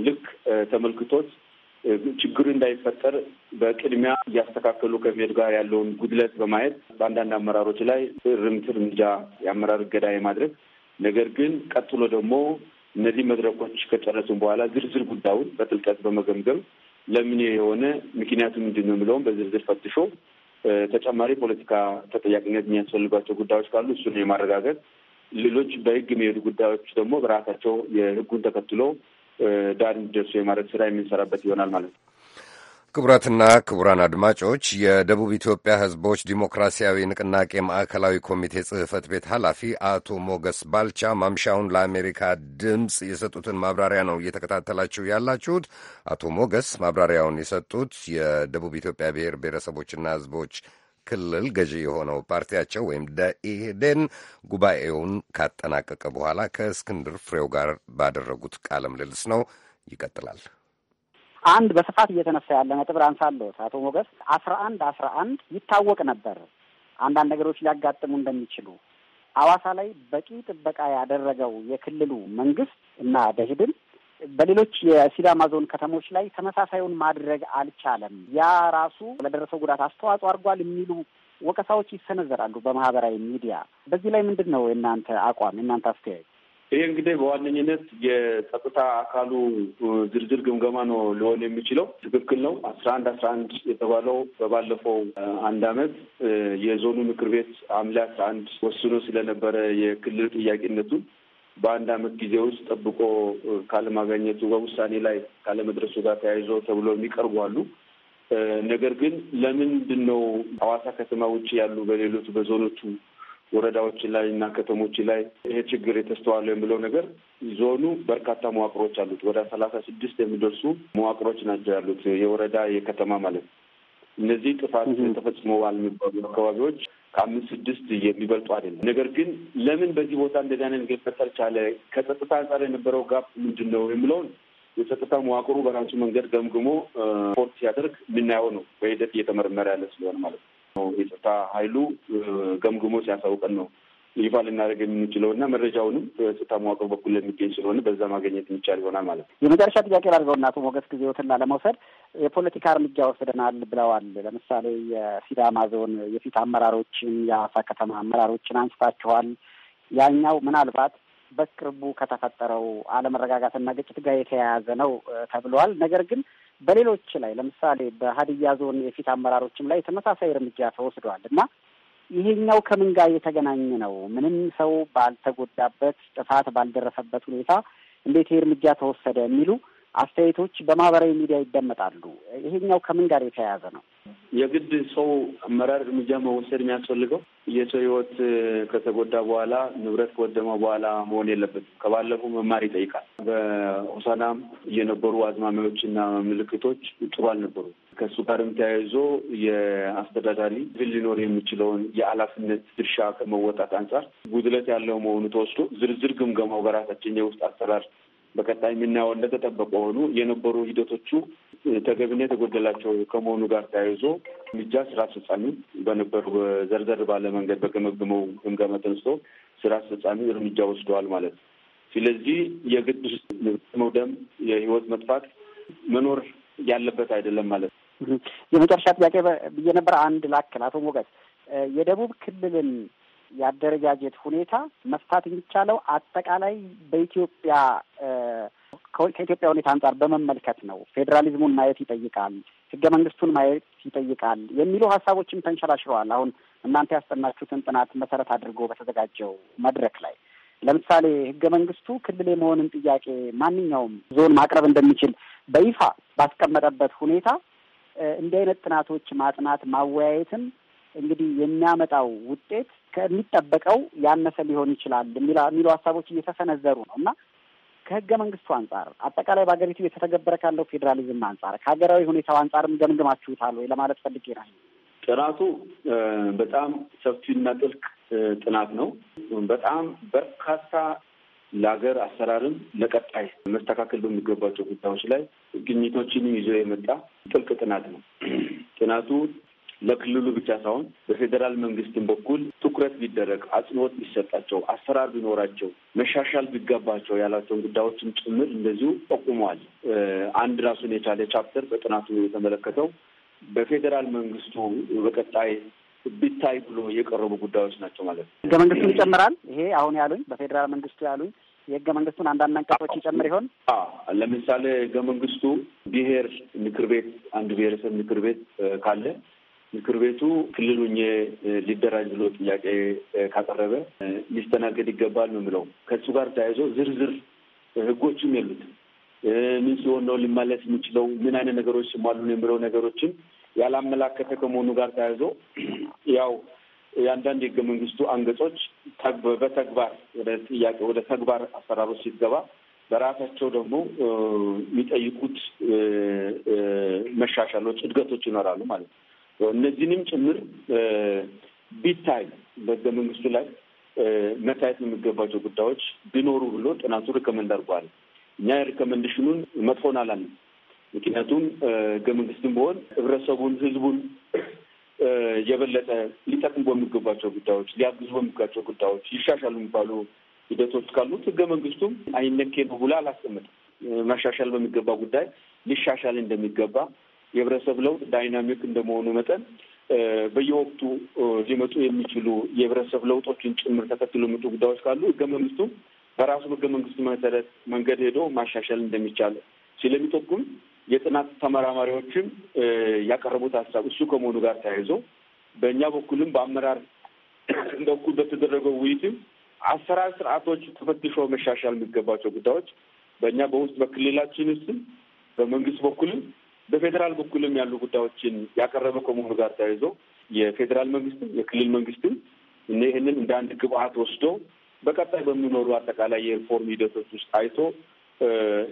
ልክ ተመልክቶት ችግሩ እንዳይፈጠር በቅድሚያ እያስተካከሉ ከመሄድ ጋር ያለውን ጉድለት በማየት በአንዳንድ አመራሮች ላይ እርምት እርምጃ የአመራር እገዳ የማድረግ ነገር ግን ቀጥሎ ደግሞ እነዚህ መድረኮች ከጨረሱም በኋላ ዝርዝር ጉዳዩን በጥልቀት በመገምገም ለምን የሆነ ምክንያቱ ምንድን ነው የሚለውን በዝርዝር ፈትሾ ተጨማሪ ፖለቲካ ተጠያቂነት የሚያስፈልጓቸው ጉዳዮች ካሉ እሱን የማረጋገጥ ሌሎች በህግ የሚሄዱ ጉዳዮች ደግሞ በራሳቸው የህጉን ተከትሎ ዳን ደርሶ የማድረግ ስራ የምንሰራበት ይሆናል ማለት ነው። ክቡራትና ክቡራን አድማጮች የደቡብ ኢትዮጵያ ሕዝቦች ዲሞክራሲያዊ ንቅናቄ ማዕከላዊ ኮሚቴ ጽሕፈት ቤት ኃላፊ አቶ ሞገስ ባልቻ ማምሻውን ለአሜሪካ ድምፅ የሰጡትን ማብራሪያ ነው እየተከታተላችሁ ያላችሁት። አቶ ሞገስ ማብራሪያውን የሰጡት የደቡብ ኢትዮጵያ ብሔር ብሔረሰቦችና ሕዝቦች ክልል ገዢ የሆነው ፓርቲያቸው ወይም ደኢህዴን ጉባኤውን ካጠናቀቀ በኋላ ከእስክንድር ፍሬው ጋር ባደረጉት ቃለ ምልልስ ነው። ይቀጥላል። አንድ በስፋት እየተነሳ ያለ ነጥብ አንሳለሁት አቶ ሞገስ አስራ አንድ አስራ አንድ ይታወቅ ነበር አንዳንድ ነገሮች ሊያጋጥሙ እንደሚችሉ አዋሳ ላይ በቂ ጥበቃ ያደረገው የክልሉ መንግስት እና ደኢህዴን በሌሎች የሲዳማ ዞን ከተሞች ላይ ተመሳሳዩን ማድረግ አልቻለም። ያ ራሱ ለደረሰው ጉዳት አስተዋጽኦ አድርጓል የሚሉ ወቀሳዎች ይሰነዘራሉ በማህበራዊ ሚዲያ። በዚህ ላይ ምንድን ነው የእናንተ አቋም፣ የእናንተ አስተያየት? ይሄ እንግዲህ በዋነኝነት የጸጥታ አካሉ ዝርዝር ግምገማ ነው ሊሆን የሚችለው። ትክክል ነው። አስራ አንድ አስራ አንድ የተባለው በባለፈው አንድ አመት የዞኑ ምክር ቤት ሐምሌ አስራ አንድ ወስኖ ስለነበረ የክልል ጥያቄነቱን በአንድ አመት ጊዜ ውስጥ ጠብቆ ካለማገኘቱ በውሳኔ ላይ ካለመድረሱ ጋር ተያይዞ ተብሎ የሚቀርቡ አሉ። ነገር ግን ለምንድን ነው ሐዋሳ ከተማ ውጭ ያሉ በሌሎቹ በዞኖቹ ወረዳዎች ላይ እና ከተሞች ላይ ይሄ ችግር የተስተዋለው የሚለው ነገር ዞኑ በርካታ መዋቅሮች አሉት። ወደ ሰላሳ ስድስት የሚደርሱ መዋቅሮች ናቸው ያሉት የወረዳ የከተማ ማለት ነው። እነዚህ ጥፋት ተፈጽመዋል የሚባሉ አካባቢዎች ከአምስት ስድስት የሚበልጡ አይደለም። ነገር ግን ለምን በዚህ ቦታ እንደዚህ አይነት ነገር ቻለ፣ ከጸጥታ አንጻር የነበረው ጋፕ ምንድን ነው የሚለውን የጸጥታ መዋቅሩ በራሱ መንገድ ገምግሞ ፖርት ሲያደርግ የምናየው ነው። በሂደት እየተመረመረ ያለ ስለሆነ ማለት ነው። የጸጥታ ኃይሉ ገምግሞ ሲያሳውቀን ነው ይፋ ልናደርግ የምንችለው እና መረጃውንም በጸጥታ መዋቅር በኩል ለሚገኝ ስለሆነ በዛ ማግኘት የሚቻል ይሆናል ማለት ነው። የመጨረሻ ጥያቄ ላድርገውና አቶ ሞገስ ጊዜዎትና ለመውሰድ የፖለቲካ እርምጃ ወስደናል ብለዋል። ለምሳሌ የሲዳማ ዞን የፊት አመራሮችን የአዋሳ ከተማ አመራሮችን አንስታችኋል። ያኛው ምናልባት በቅርቡ ከተፈጠረው አለመረጋጋትና ግጭት ጋር የተያያዘ ነው ተብለዋል። ነገር ግን በሌሎች ላይ ለምሳሌ በሀዲያ ዞን የፊት አመራሮችም ላይ ተመሳሳይ እርምጃ ተወስደዋል እና ይሄኛው ከምን ጋር የተገናኘ ነው? ምንም ሰው ባልተጎዳበት ጥፋት ባልደረሰበት ሁኔታ እንዴት ይሄ እርምጃ ተወሰደ የሚሉ አስተያየቶች በማህበራዊ ሚዲያ ይደመጣሉ። ይሄኛው ከምን ጋር የተያያዘ ነው? የግድ ሰው አመራር እርምጃ መወሰድ የሚያስፈልገው የሰው ህይወት ከተጎዳ በኋላ ንብረት ከወደመ በኋላ መሆን የለበትም። ከባለፈው መማር ይጠይቃል። በሆሳናም የነበሩ አዝማሚያዎችና ምልክቶች ጥሩ አልነበሩ። ከእሱ ጋርም ተያይዞ የአስተዳዳሪ ግል ሊኖር የሚችለውን የኃላፊነት ድርሻ ከመወጣት አንጻር ጉድለት ያለው መሆኑ ተወስዶ ዝርዝር ግምገማው በራሳችን የውስጥ አሰራር በቀጣይ የምናየው እንደተጠበቀ ሆኑ የነበሩ ሂደቶቹ ተገቢነት የተጎደላቸው ከመሆኑ ጋር ተያይዞ እርምጃ ስራ አስፈጻሚ በነበሩ በዘርዘር ባለ መንገድ በገመገመው ግምገማ ተነስቶ ስራ አስፈጻሚ እርምጃ ወስደዋል ማለት ነው። ስለዚህ የግድ መውደም፣ የህይወት መጥፋት መኖር ያለበት አይደለም ማለት ነው። የመጨረሻ ጥያቄ ብዬ ነበር። አንድ ላክል አቶ ሞገስ የደቡብ ክልልን የአደረጃጀት ሁኔታ መፍታት የሚቻለው አጠቃላይ በኢትዮጵያ ከኢትዮጵያ ሁኔታ አንጻር በመመልከት ነው። ፌዴራሊዝሙን ማየት ይጠይቃል፣ ህገ መንግስቱን ማየት ይጠይቃል የሚሉ ሀሳቦችም ተንሸራሽረዋል። አሁን እናንተ ያስጠናችሁትን ጥናት መሰረት አድርጎ በተዘጋጀው መድረክ ላይ ለምሳሌ ህገ መንግስቱ ክልል የመሆንን ጥያቄ ማንኛውም ዞን ማቅረብ እንደሚችል በይፋ ባስቀመጠበት ሁኔታ እንዲህ አይነት ጥናቶች ማጥናት ማወያየትም ። እንግዲህ የሚያመጣው ውጤት ከሚጠበቀው ያነሰ ሊሆን ይችላል የሚሉ ሀሳቦች እየተሰነዘሩ ነው እና ከህገ መንግስቱ አንጻር አጠቃላይ በሀገሪቱ እየተተገበረ ካለው ፌዴራሊዝም አንጻር ከሀገራዊ ሁኔታው አንጻርም ገምግማችሁታል ወይ ለማለት ፈልጌ ነው። ጥናቱ በጣም ሰፊና ጥልቅ ጥናት ነው። በጣም በርካታ ለሀገር አሰራርም ለቀጣይ መስተካከል በሚገባቸው ጉዳዮች ላይ ግኝቶችንም ይዞ የመጣ ጥልቅ ጥናት ነው። ጥናቱ ለክልሉ ብቻ ሳይሆን በፌዴራል መንግስትም በኩል ትኩረት ቢደረግ፣ አጽንኦት ቢሰጣቸው፣ አሰራር ቢኖራቸው፣ መሻሻል ቢገባቸው ያላቸውን ጉዳዮችን ጭምር እንደዚሁ ጠቁመዋል። አንድ ራሱን የቻለ ቻፕተር በጥናቱ የተመለከተው በፌዴራል መንግስቱ በቀጣይ ቢታይ ብሎ የቀረቡ ጉዳዮች ናቸው ማለት ነው። ህገ መንግስቱን ይጨምራል። ይሄ አሁን ያሉኝ በፌዴራል መንግስቱ ያሉኝ የህገ መንግስቱን አንዳንድ አንቀጾች ይጨምር ይሆን? ለምሳሌ ህገ መንግስቱ ብሔር ምክር ቤት አንድ ብሄረሰብ ምክር ቤት ካለ ምክር ቤቱ ክልሉ ሊደራጅ ብሎ ጥያቄ ካቀረበ ሊስተናገድ ይገባል ነው የምለው። ከእሱ ጋር ተያይዞ ዝርዝር ህጎችም የሉትም። ምን ሲሆን ነው ልማለት የምችለው፣ ምን አይነት ነገሮች ሲሟሉ ነው የምለው ነገሮችን ያላመላከተ ከመሆኑ ጋር ተያይዞ <clears throat> ያው የአንዳንድ የህገ መንግስቱ አንገጾች በተግባር ወደ ጥያቄ ወደ ተግባር አሰራሮች ሲገባ በራሳቸው ደግሞ የሚጠይቁት መሻሻሎች፣ እድገቶች ይኖራሉ ማለት ነው። እነዚህንም ጭምር ቢታይ በህገ መንግስቱ ላይ መታየት የሚገባቸው ጉዳዮች ቢኖሩ ብሎ ጥናቱ ሪከመንድ አድርጓል። እኛ የሪከመንዴሽኑን መጥፎን አላልንም። ምክንያቱም ህገ መንግስትም ህብረተሰቡን፣ ህዝቡን የበለጠ ሊጠቅሙ በሚገባቸው ጉዳዮች፣ ሊያግዙ በሚገባቸው ጉዳዮች ይሻሻሉ የሚባሉ ሂደቶች ካሉት ህገ መንግስቱም አይነኬ ነው ብሎ አላስቀምጥም። መሻሻል በሚገባ ጉዳይ ሊሻሻል እንደሚገባ የህብረተሰብ ለውጥ ዳይናሚክ እንደመሆኑ መጠን በየወቅቱ ሊመጡ የሚችሉ የህብረተሰብ ለውጦችን ጭምር ተከትሎ የመጡ ጉዳዮች ካሉ ህገ መንግስቱም በራሱ ህገ መንግስቱ መሰረት መንገድ ሄዶ ማሻሻል እንደሚቻል ስለሚጠቁም የጥናት ተመራማሪዎችም ያቀረቡት ሀሳብ እሱ ከመሆኑ ጋር ተያይዞ በእኛ በኩልም በአመራር <clears throat> በኩል በተደረገው ውይይትም አሰራር ስርዓቶች ተፈትሾ መሻሻል የሚገባቸው ጉዳዮች በእኛ በውስጥ በክልላችን ስም በመንግስት በኩልም በፌዴራል በኩልም ያሉ ጉዳዮችን ያቀረበ ከመሆኑ ጋር ተያይዞ የፌዴራል መንግስትም የክልል መንግስትም እና ይህንን እንደ አንድ ግብአት ወስዶ በቀጣይ በሚኖሩ አጠቃላይ የሪፎርም ሂደቶች ውስጥ አይቶ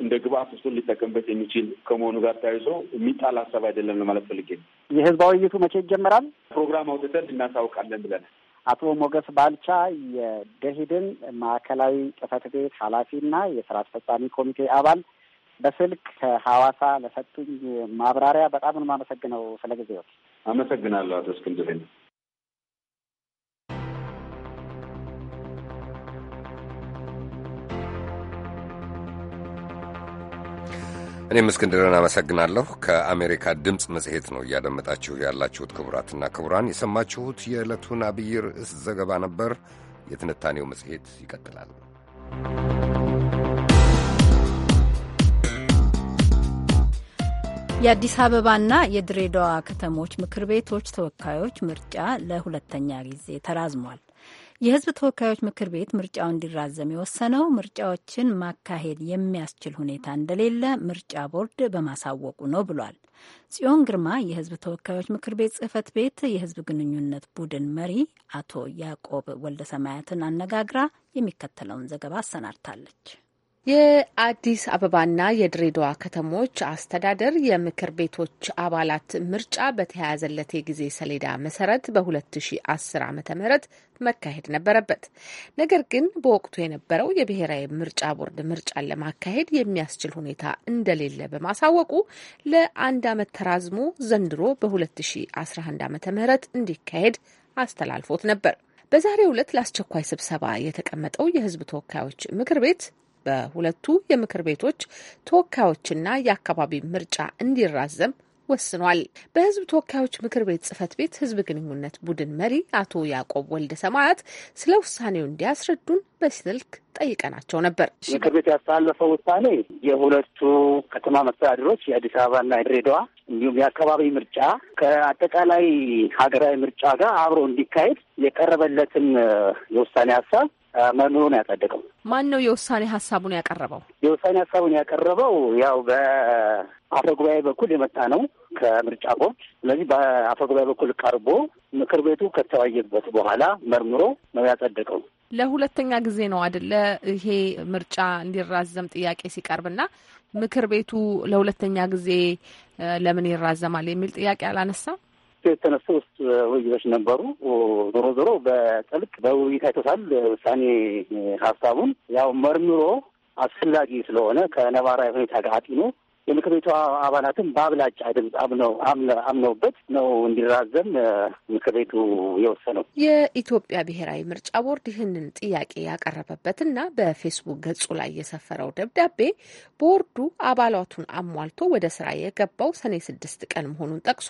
እንደ ግብአት ውስጡን ሊጠቀምበት የሚችል ከመሆኑ ጋር ተያይዞ የሚጣል ሀሳብ አይደለም ለማለት ፈልጌ ነው። የህዝባዊ ውይይቱ መቼ ይጀመራል? ፕሮግራም አውጥተን እናሳውቃለን ብለናል። አቶ ሞገስ ባልቻ የደሂድን ማዕከላዊ ጽህፈት ቤት ኃላፊና የስራ አስፈጻሚ ኮሚቴ አባል በስልክ ከሐዋሳ ለሰጡኝ ማብራሪያ በጣም ነው የማመሰግነው። ስለ ጊዜው አመሰግናለሁ አቶ እስክንድር። እኔም እስክንድርን አመሰግናለሁ። ከአሜሪካ ድምፅ መጽሔት ነው እያደመጣችሁ ያላችሁት። ክቡራትና ክቡራን የሰማችሁት የዕለቱን አብይ ርዕስ ዘገባ ነበር። የትንታኔው መጽሔት ይቀጥላል። የአዲስ አበባና የድሬዳዋ ከተሞች ምክር ቤቶች ተወካዮች ምርጫ ለሁለተኛ ጊዜ ተራዝሟል። የሕዝብ ተወካዮች ምክር ቤት ምርጫው እንዲራዘም የወሰነው ምርጫዎችን ማካሄድ የሚያስችል ሁኔታ እንደሌለ ምርጫ ቦርድ በማሳወቁ ነው ብሏል። ጽዮን ግርማ የሕዝብ ተወካዮች ምክር ቤት ጽህፈት ቤት የሕዝብ ግንኙነት ቡድን መሪ አቶ ያዕቆብ ወልደሰማያትን አነጋግራ የሚከተለውን ዘገባ አሰናድታለች። የአዲስ አበባና የድሬዳዋ ከተሞች አስተዳደር የምክር ቤቶች አባላት ምርጫ በተያያዘለት የጊዜ ሰሌዳ መሰረት በ2010 ዓ ም መካሄድ ነበረበት። ነገር ግን በወቅቱ የነበረው የብሔራዊ ምርጫ ቦርድ ምርጫን ለማካሄድ የሚያስችል ሁኔታ እንደሌለ በማሳወቁ ለአንድ ዓመት ተራዝሞ ዘንድሮ በ2011 ዓ ም እንዲካሄድ አስተላልፎት ነበር። በዛሬው ዕለት ለአስቸኳይ ስብሰባ የተቀመጠው የህዝብ ተወካዮች ምክር ቤት በሁለቱ የምክር ቤቶች ተወካዮችና የአካባቢ ምርጫ እንዲራዘም ወስኗል። በህዝብ ተወካዮች ምክር ቤት ጽህፈት ቤት ህዝብ ግንኙነት ቡድን መሪ አቶ ያዕቆብ ወልደ ሰማያት ስለ ውሳኔው እንዲያስረዱን በስልክ ጠይቀናቸው ነበር። ምክር ቤት ያስተላለፈው ውሳኔ የሁለቱ ከተማ መስተዳድሮች የአዲስ አበባና ድሬዳዋ እንዲሁም የአካባቢ ምርጫ ከአጠቃላይ ሀገራዊ ምርጫ ጋር አብሮ እንዲካሄድ የቀረበለትን የውሳኔ ሀሳብ መኖሩን ያጸደቀው ማን ነው? የውሳኔ ሀሳቡን ያቀረበው የውሳኔ ሀሳቡን ያቀረበው ያው በአፈ ጉባኤ በኩል የመጣ ነው ከምርጫ ቦርድ። ስለዚህ በአፈ ጉባኤ በኩል ቀርቦ ምክር ቤቱ ከተወያየበት በኋላ መርምሮ ነው ያጸደቀው። ለሁለተኛ ጊዜ ነው አደለ? ይሄ ምርጫ እንዲራዘም ጥያቄ ሲቀርብና ምክር ቤቱ ለሁለተኛ ጊዜ ለምን ይራዘማል የሚል ጥያቄ አላነሳም። የተነሱ ውስጥ ውይይቶች ነበሩ። ዞሮ ዞሮ በጥልቅ በውይይት አይቶታል። ውሳኔ ሀሳቡን ያው መርምሮ አስፈላጊ ስለሆነ ከነባራዊ ሁኔታ ጋር አጢኖ የምክር ቤቱ አባላትም በአብላጫ ድምፅ አምነውበት ነው እንዲራዘም ምክር ቤቱ የወሰነው። የኢትዮጵያ ብሔራዊ ምርጫ ቦርድ ይህንን ጥያቄ ያቀረበበትና በፌስቡክ ገጹ ላይ የሰፈረው ደብዳቤ ቦርዱ አባላቱን አሟልቶ ወደ ስራ የገባው ሰኔ ስድስት ቀን መሆኑን ጠቅሶ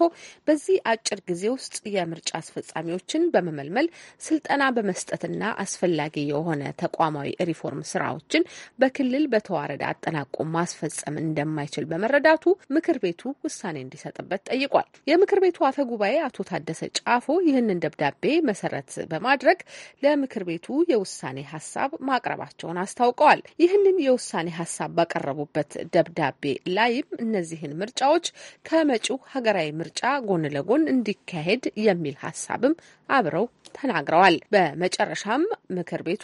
በዚህ አጭር ጊዜ ውስጥ የምርጫ አስፈጻሚዎችን በመመልመል ስልጠና በመስጠትና አስፈላጊ የሆነ ተቋማዊ ሪፎርም ስራዎችን በክልል በተዋረደ አጠናቆ ማስፈጸም እንደማይችል እንደሚችል በመረዳቱ ምክር ቤቱ ውሳኔ እንዲሰጥበት ጠይቋል። የምክር ቤቱ አፈ ጉባኤ አቶ ታደሰ ጫፎ ይህንን ደብዳቤ መሰረት በማድረግ ለምክር ቤቱ የውሳኔ ሀሳብ ማቅረባቸውን አስታውቀዋል። ይህንን የውሳኔ ሀሳብ ባቀረቡበት ደብዳቤ ላይም እነዚህን ምርጫዎች ከመጪው ሀገራዊ ምርጫ ጎን ለጎን እንዲካሄድ የሚል ሀሳብም አብረው ተናግረዋል። በመጨረሻም ምክር ቤቱ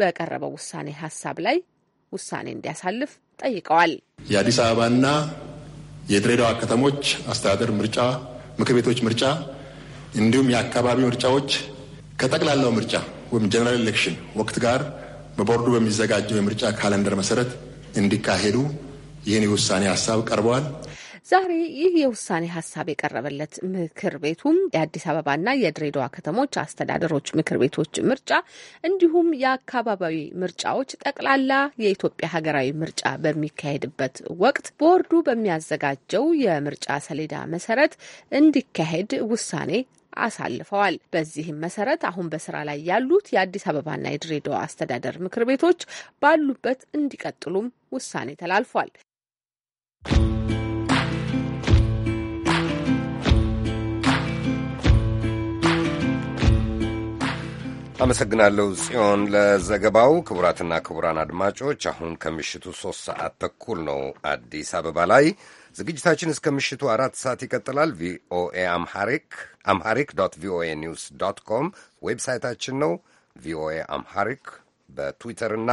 በቀረበው ውሳኔ ሀሳብ ላይ ውሳኔ እንዲያሳልፍ ጠይቀዋል። የአዲስ አበባና የድሬዳዋ ከተሞች አስተዳደር ምርጫ ምክር ቤቶች ምርጫ እንዲሁም የአካባቢ ምርጫዎች ከጠቅላላው ምርጫ ወይም ጀነራል ኤሌክሽን ወቅት ጋር በቦርዱ በሚዘጋጀው የምርጫ ካለንደር መሰረት እንዲካሄዱ ይህን የውሳኔ ሀሳብ ቀርበዋል። ዛሬ ይህ የውሳኔ ሀሳብ የቀረበለት ምክር ቤቱም የአዲስ አበባና የድሬዳዋ ከተሞች አስተዳደሮች ምክር ቤቶች ምርጫ እንዲሁም የአካባቢያዊ ምርጫዎች ጠቅላላ የኢትዮጵያ ሀገራዊ ምርጫ በሚካሄድበት ወቅት ቦርዱ በሚያዘጋጀው የምርጫ ሰሌዳ መሰረት እንዲካሄድ ውሳኔ አሳልፈዋል። በዚህም መሰረት አሁን በስራ ላይ ያሉት የአዲስ አበባና የድሬዳዋ አስተዳደር ምክር ቤቶች ባሉበት እንዲቀጥሉም ውሳኔ ተላልፏል። አመሰግናለሁ ጽዮን ለዘገባው። ክቡራትና ክቡራን አድማጮች አሁን ከምሽቱ ሶስት ሰዓት ተኩል ነው አዲስ አበባ ላይ። ዝግጅታችን እስከ ምሽቱ አራት ሰዓት ይቀጥላል። ቪኦኤ አምሃሪክ አምሃሪክ ዶት ቪኦኤ ኒውስ ዶት ኮም ዌብሳይታችን ነው። ቪኦኤ አምሃሪክ በትዊተርና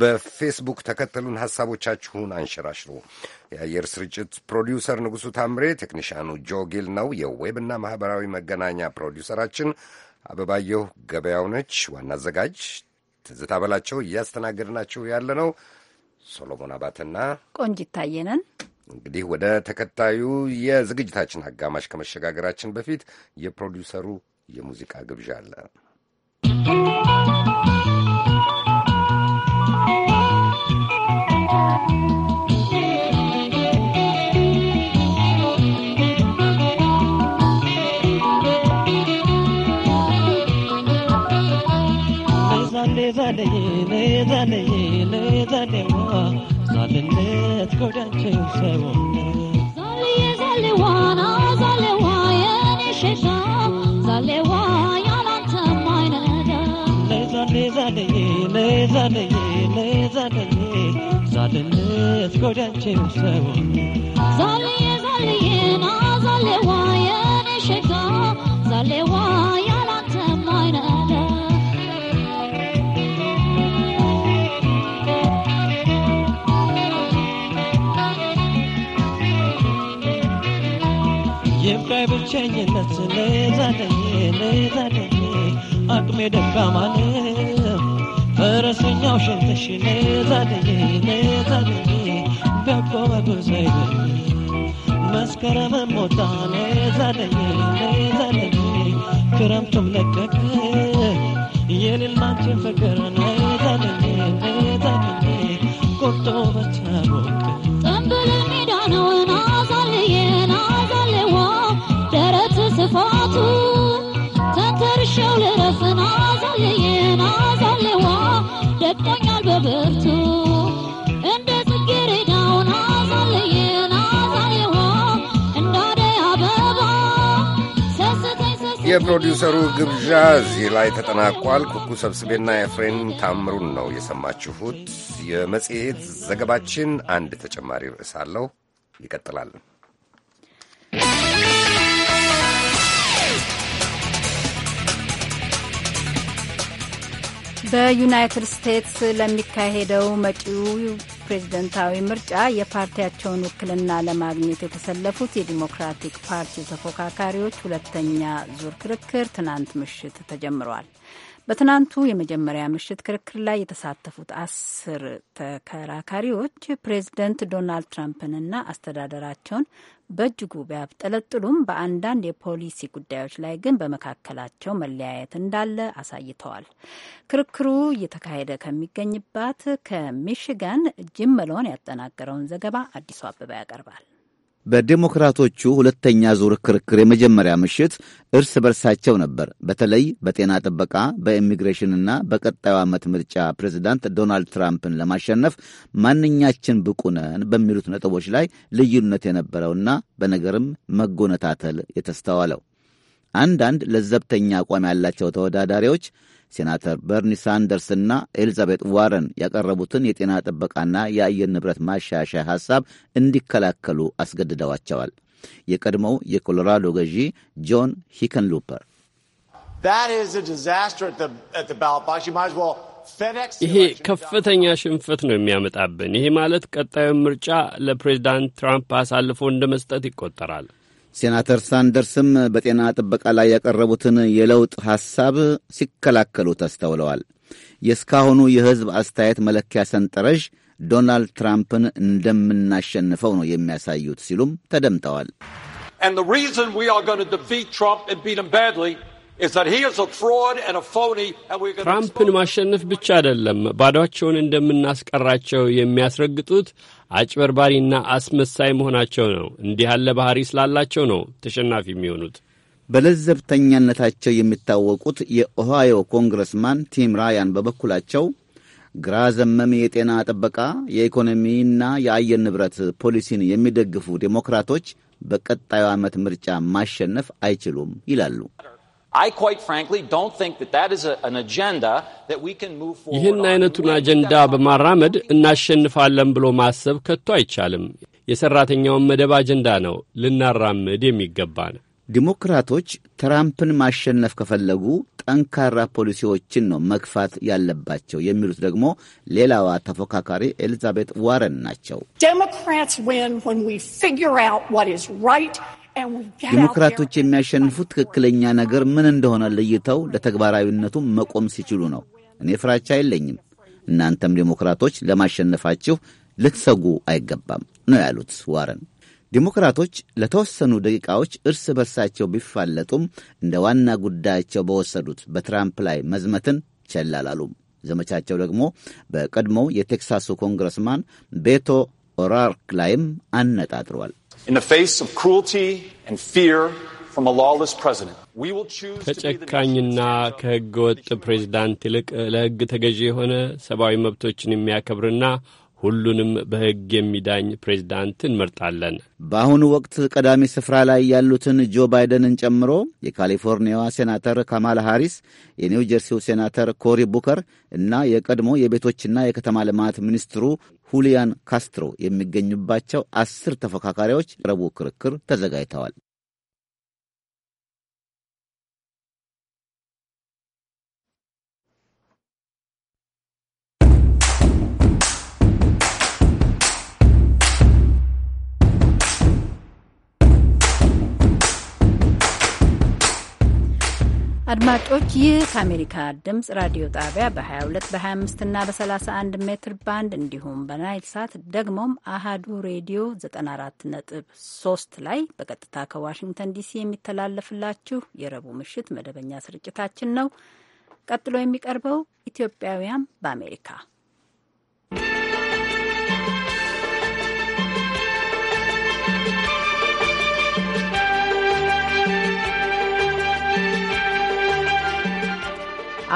በፌስቡክ ተከተሉን፣ ሐሳቦቻችሁን አንሸራሽሩ። የአየር ስርጭት ፕሮዲውሰር ንጉሡ ታምሬ፣ ቴክኒሽያኑ ጆ ጊል ነው። የዌብና ማኅበራዊ መገናኛ ፕሮዲውሰራችን አበባየሁ ገበያው ነች ዋና አዘጋጅ ትዝታ በላቸው። እያስተናገድናችሁ ያለ ነው ሶሎሞን አባትና ቆንጂት ታየ እንግዲህ ወደ ተከታዩ የዝግጅታችን አጋማሽ ከመሸጋገራችን በፊት የፕሮዲውሰሩ የሙዚቃ ግብዣ አለ። Thank you. Zaliye zaliye na zalewa ya ne sheka zalewa ya ብቸኝነት ለዛለኝ ለዛለኝ አቅሜ ደካማን ፈረሰኛው ሸንተሽ ለዛለኝ ለዛለኝ በጎ መጉዝ አይደል መስከረም ሞታ ለዛለኝ ለዛለኝ ክረምቱም ለቀቅ የሌላችን ፍቅር ለዛለኝ ለዛለኝ ቁርጦ በቻሮቅ የፕሮዲውሰሩ ግብዣ እዚህ ላይ ተጠናቋል። ኩኩ ሰብስቤና የፍሬን ታምሩን ነው የሰማችሁት። የመጽሔት ዘገባችን አንድ ተጨማሪ ርዕስ አለው፣ ይቀጥላል። በዩናይትድ ስቴትስ ለሚካሄደው መጪው ፕሬዝደንታዊ ምርጫ የፓርቲያቸውን ውክልና ለማግኘት የተሰለፉት የዲሞክራቲክ ፓርቲ ተፎካካሪዎች ሁለተኛ ዙር ክርክር ትናንት ምሽት ተጀምሯል። በትናንቱ የመጀመሪያ ምሽት ክርክር ላይ የተሳተፉት አስር ተከራካሪዎች ፕሬዝደንት ዶናልድ ትራምፕንና አስተዳደራቸውን በእጅጉ ቢያብጠለጥሉም በአንዳንድ የፖሊሲ ጉዳዮች ላይ ግን በመካከላቸው መለያየት እንዳለ አሳይተዋል። ክርክሩ እየተካሄደ ከሚገኝባት ከሚሽጋን ጂም መሎን ያጠናቀረውን ዘገባ አዲሱ አበባ ያቀርባል። በዴሞክራቶቹ ሁለተኛ ዙር ክርክር የመጀመሪያ ምሽት እርስ በርሳቸው ነበር። በተለይ በጤና ጥበቃ፣ በኢሚግሬሽንና በቀጣዩ ዓመት ምርጫ ፕሬዚዳንት ዶናልድ ትራምፕን ለማሸነፍ ማንኛችን ብቁ ነን በሚሉት ነጥቦች ላይ ልዩነት የነበረውና በነገርም መጎነታተል የተስተዋለው አንዳንድ ለዘብተኛ አቋም ያላቸው ተወዳዳሪዎች ሴናተር በርኒ ሳንደርስ እና ኤሊዛቤት ዋረን ያቀረቡትን የጤና ጥበቃና የአየር ንብረት ማሻሻያ ሐሳብ እንዲከላከሉ አስገድደዋቸዋል። የቀድሞው የኮሎራዶ ገዢ ጆን ሂከንሉፐር ይሄ ከፍተኛ ሽንፈት ነው የሚያመጣብን። ይሄ ማለት ቀጣዩን ምርጫ ለፕሬዚዳንት ትራምፕ አሳልፎ እንደ መስጠት ይቆጠራል። ሴናተር ሳንደርስም በጤና ጥበቃ ላይ ያቀረቡትን የለውጥ ሐሳብ ሲከላከሉ ተስተውለዋል። የእስካሁኑ የሕዝብ አስተያየት መለኪያ ሰንጠረዥ ዶናልድ ትራምፕን እንደምናሸንፈው ነው የሚያሳዩት ሲሉም ተደምጠዋል። ትራምፕን ማሸነፍ ብቻ አይደለም ባዷቸውን እንደምናስቀራቸው የሚያስረግጡት አጭበርባሪና አስመሳይ መሆናቸው ነው። እንዲህ ያለ ባህሪ ስላላቸው ነው ተሸናፊ የሚሆኑት። በለዘብተኛነታቸው የሚታወቁት የኦሃዮ ኮንግረስማን ቲም ራያን በበኩላቸው ግራ ዘመም የጤና ጥበቃ፣ የኢኮኖሚና የአየር ንብረት ፖሊሲን የሚደግፉ ዴሞክራቶች በቀጣዩ ዓመት ምርጫ ማሸነፍ አይችሉም ይላሉ። I quite frankly don't think that that is a, an agenda that we can move forward. ይህን አይነቱን አጀንዳ በማራመድ እናሸንፋለን ብሎ ማሰብ ከቶ አይቻልም። የሰራተኛውን መደብ አጀንዳ ነው ልናራምድ የሚገባን። ዲሞክራቶች ትራምፕን ማሸነፍ ከፈለጉ ጠንካራ ፖሊሲዎችን ነው መግፋት ያለባቸው የሚሉት ደግሞ ሌላዋ ተፎካካሪ ኤሊዛቤት ዋረን ናቸው። ዊን ዊ ፊግር አውት ዋት ኢዝ ራይት ዲሞክራቶች የሚያሸንፉት ትክክለኛ ነገር ምን እንደሆነ ለይተው ለተግባራዊነቱ መቆም ሲችሉ ነው። እኔ ፍራቻ የለኝም። እናንተም ዲሞክራቶች ለማሸነፋችሁ ልትሰጉ አይገባም ነው ያሉት ዋረን። ዲሞክራቶች ለተወሰኑ ደቂቃዎች እርስ በርሳቸው ቢፋለጡም እንደ ዋና ጉዳያቸው በወሰዱት በትራምፕ ላይ መዝመትን ቸል አላሉም። ዘመቻቸው ደግሞ በቀድሞው የቴክሳሱ ኮንግረስማን ቤቶ ኦራርክ ላይም አነጣጥሯል። ከጨካኝና ከሕገ ወጥ ፕሬዚዳንት ይልቅ ለሕግ ተገዢ የሆነ ሰብአዊ መብቶችን የሚያከብርና ሁሉንም በሕግ የሚዳኝ ፕሬዝዳንት እንመርጣለን። በአሁኑ ወቅት ቀዳሚ ስፍራ ላይ ያሉትን ጆ ባይደንን ጨምሮ የካሊፎርኒያዋ ሴናተር ካማላ ሃሪስ፣ የኒው ጀርሲው ሴናተር ኮሪ ቡከር እና የቀድሞ የቤቶችና የከተማ ልማት ሚኒስትሩ ሁሊያን ካስትሮ የሚገኙባቸው አስር ተፎካካሪዎች ረቡዕ ክርክር ተዘጋጅተዋል። አድማጮች ይህ ከአሜሪካ ድምፅ ራዲዮ ጣቢያ በ22 በ25 እና በ31 ሜትር ባንድ እንዲሁም በናይል ሳት ደግሞም አሃዱ ሬዲዮ 94.3 ላይ በቀጥታ ከዋሽንግተን ዲሲ የሚተላለፍላችሁ የረቡዕ ምሽት መደበኛ ስርጭታችን ነው። ቀጥሎ የሚቀርበው ኢትዮጵያውያን በአሜሪካ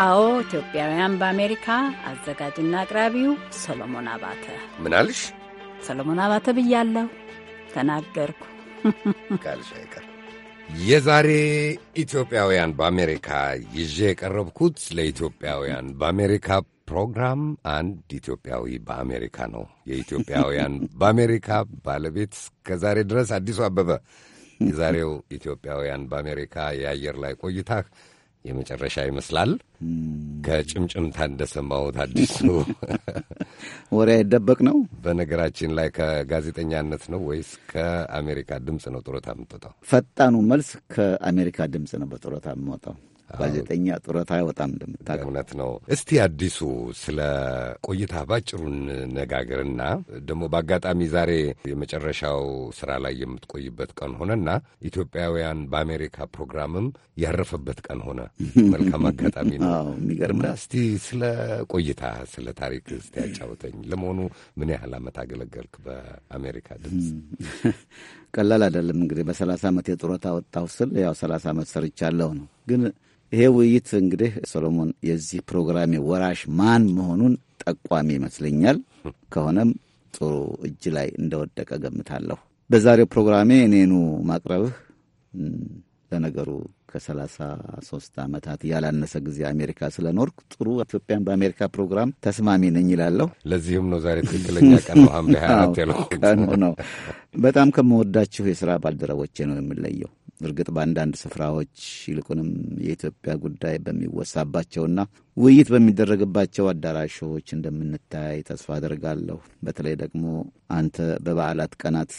አዎ ኢትዮጵያውያን በአሜሪካ አዘጋጅና አቅራቢው ሰሎሞን አባተ። ምናልሽ ሰሎሞን አባተ ብያለሁ፣ ተናገርኩ ካልሽ <laughs> አይቀር የዛሬ ኢትዮጵያውያን በአሜሪካ ይዤ የቀረብኩት ለኢትዮጵያውያን በአሜሪካ ፕሮግራም አንድ ኢትዮጵያዊ በአሜሪካ ነው። የኢትዮጵያውያን <laughs> በአሜሪካ ባለቤት ከዛሬ ድረስ አዲሱ አበበ። የዛሬው ኢትዮጵያውያን በአሜሪካ የአየር ላይ ቆይታህ የመጨረሻ ይመስላል። ከጭምጭምታ እንደሰማሁት አዲሱ <laughs> <laughs> ወሬ አይደበቅ ነው። በነገራችን ላይ ከጋዜጠኛነት ነው ወይስ ከአሜሪካ ድምፅ ነው ጡረታ የምትወጣው? ፈጣኑ መልስ ከአሜሪካ ድምፅ ነው በጡረታ የምወጣው። ጋዜጠኛ ጡረታ አይወጣም እንደምታውቀው። እውነት ነው። እስቲ አዲሱ ስለ ቆይታ ባጭሩን እንነጋገርና ደግሞ በአጋጣሚ ዛሬ የመጨረሻው ስራ ላይ የምትቆይበት ቀን ሆነና ኢትዮጵያውያን በአሜሪካ ፕሮግራምም ያረፈበት ቀን ሆነ። መልካም አጋጣሚ ነው። እስቲ ስለ ቆይታ ስለ ታሪክ እስቲ ያጫውተኝ። ለመሆኑ ምን ያህል ዓመት አገለገልክ በአሜሪካ ድምፅ? <laughs> ቀላል አይደለም እንግዲህ በሰላሳ ዓመት የጡረታ ወጣሁ ስል ያው ሰላሳ ዓመት ሰርቻለሁ ነው ግን ይሄ ውይይት እንግዲህ ሰሎሞን የዚህ ፕሮግራም ወራሽ ማን መሆኑን ጠቋሚ ይመስለኛል። ከሆነም ጥሩ እጅ ላይ እንደወደቀ ገምታለሁ። በዛሬው ፕሮግራሜ እኔኑ ማቅረብህ ለነገሩ ከሰላሳ ሶስት ዓመታት ያላነሰ ጊዜ አሜሪካ ስለኖርኩ ጥሩ ኢትዮጵያን በአሜሪካ ፕሮግራም ተስማሚ ነኝ ይላለሁ። ለዚህም ነው ዛሬ ትክክለኛ ቀን ነው፣ ሐምሌ 24 ነው። በጣም ከምወዳችሁ የሥራ ባልደረቦቼ ነው የምለየው። እርግጥ በአንዳንድ ስፍራዎች ይልቁንም የኢትዮጵያ ጉዳይ በሚወሳባቸውና ውይይት በሚደረግባቸው አዳራሾች እንደምንታይ ተስፋ አደርጋለሁ። በተለይ ደግሞ አንተ በበዓላት ቀናት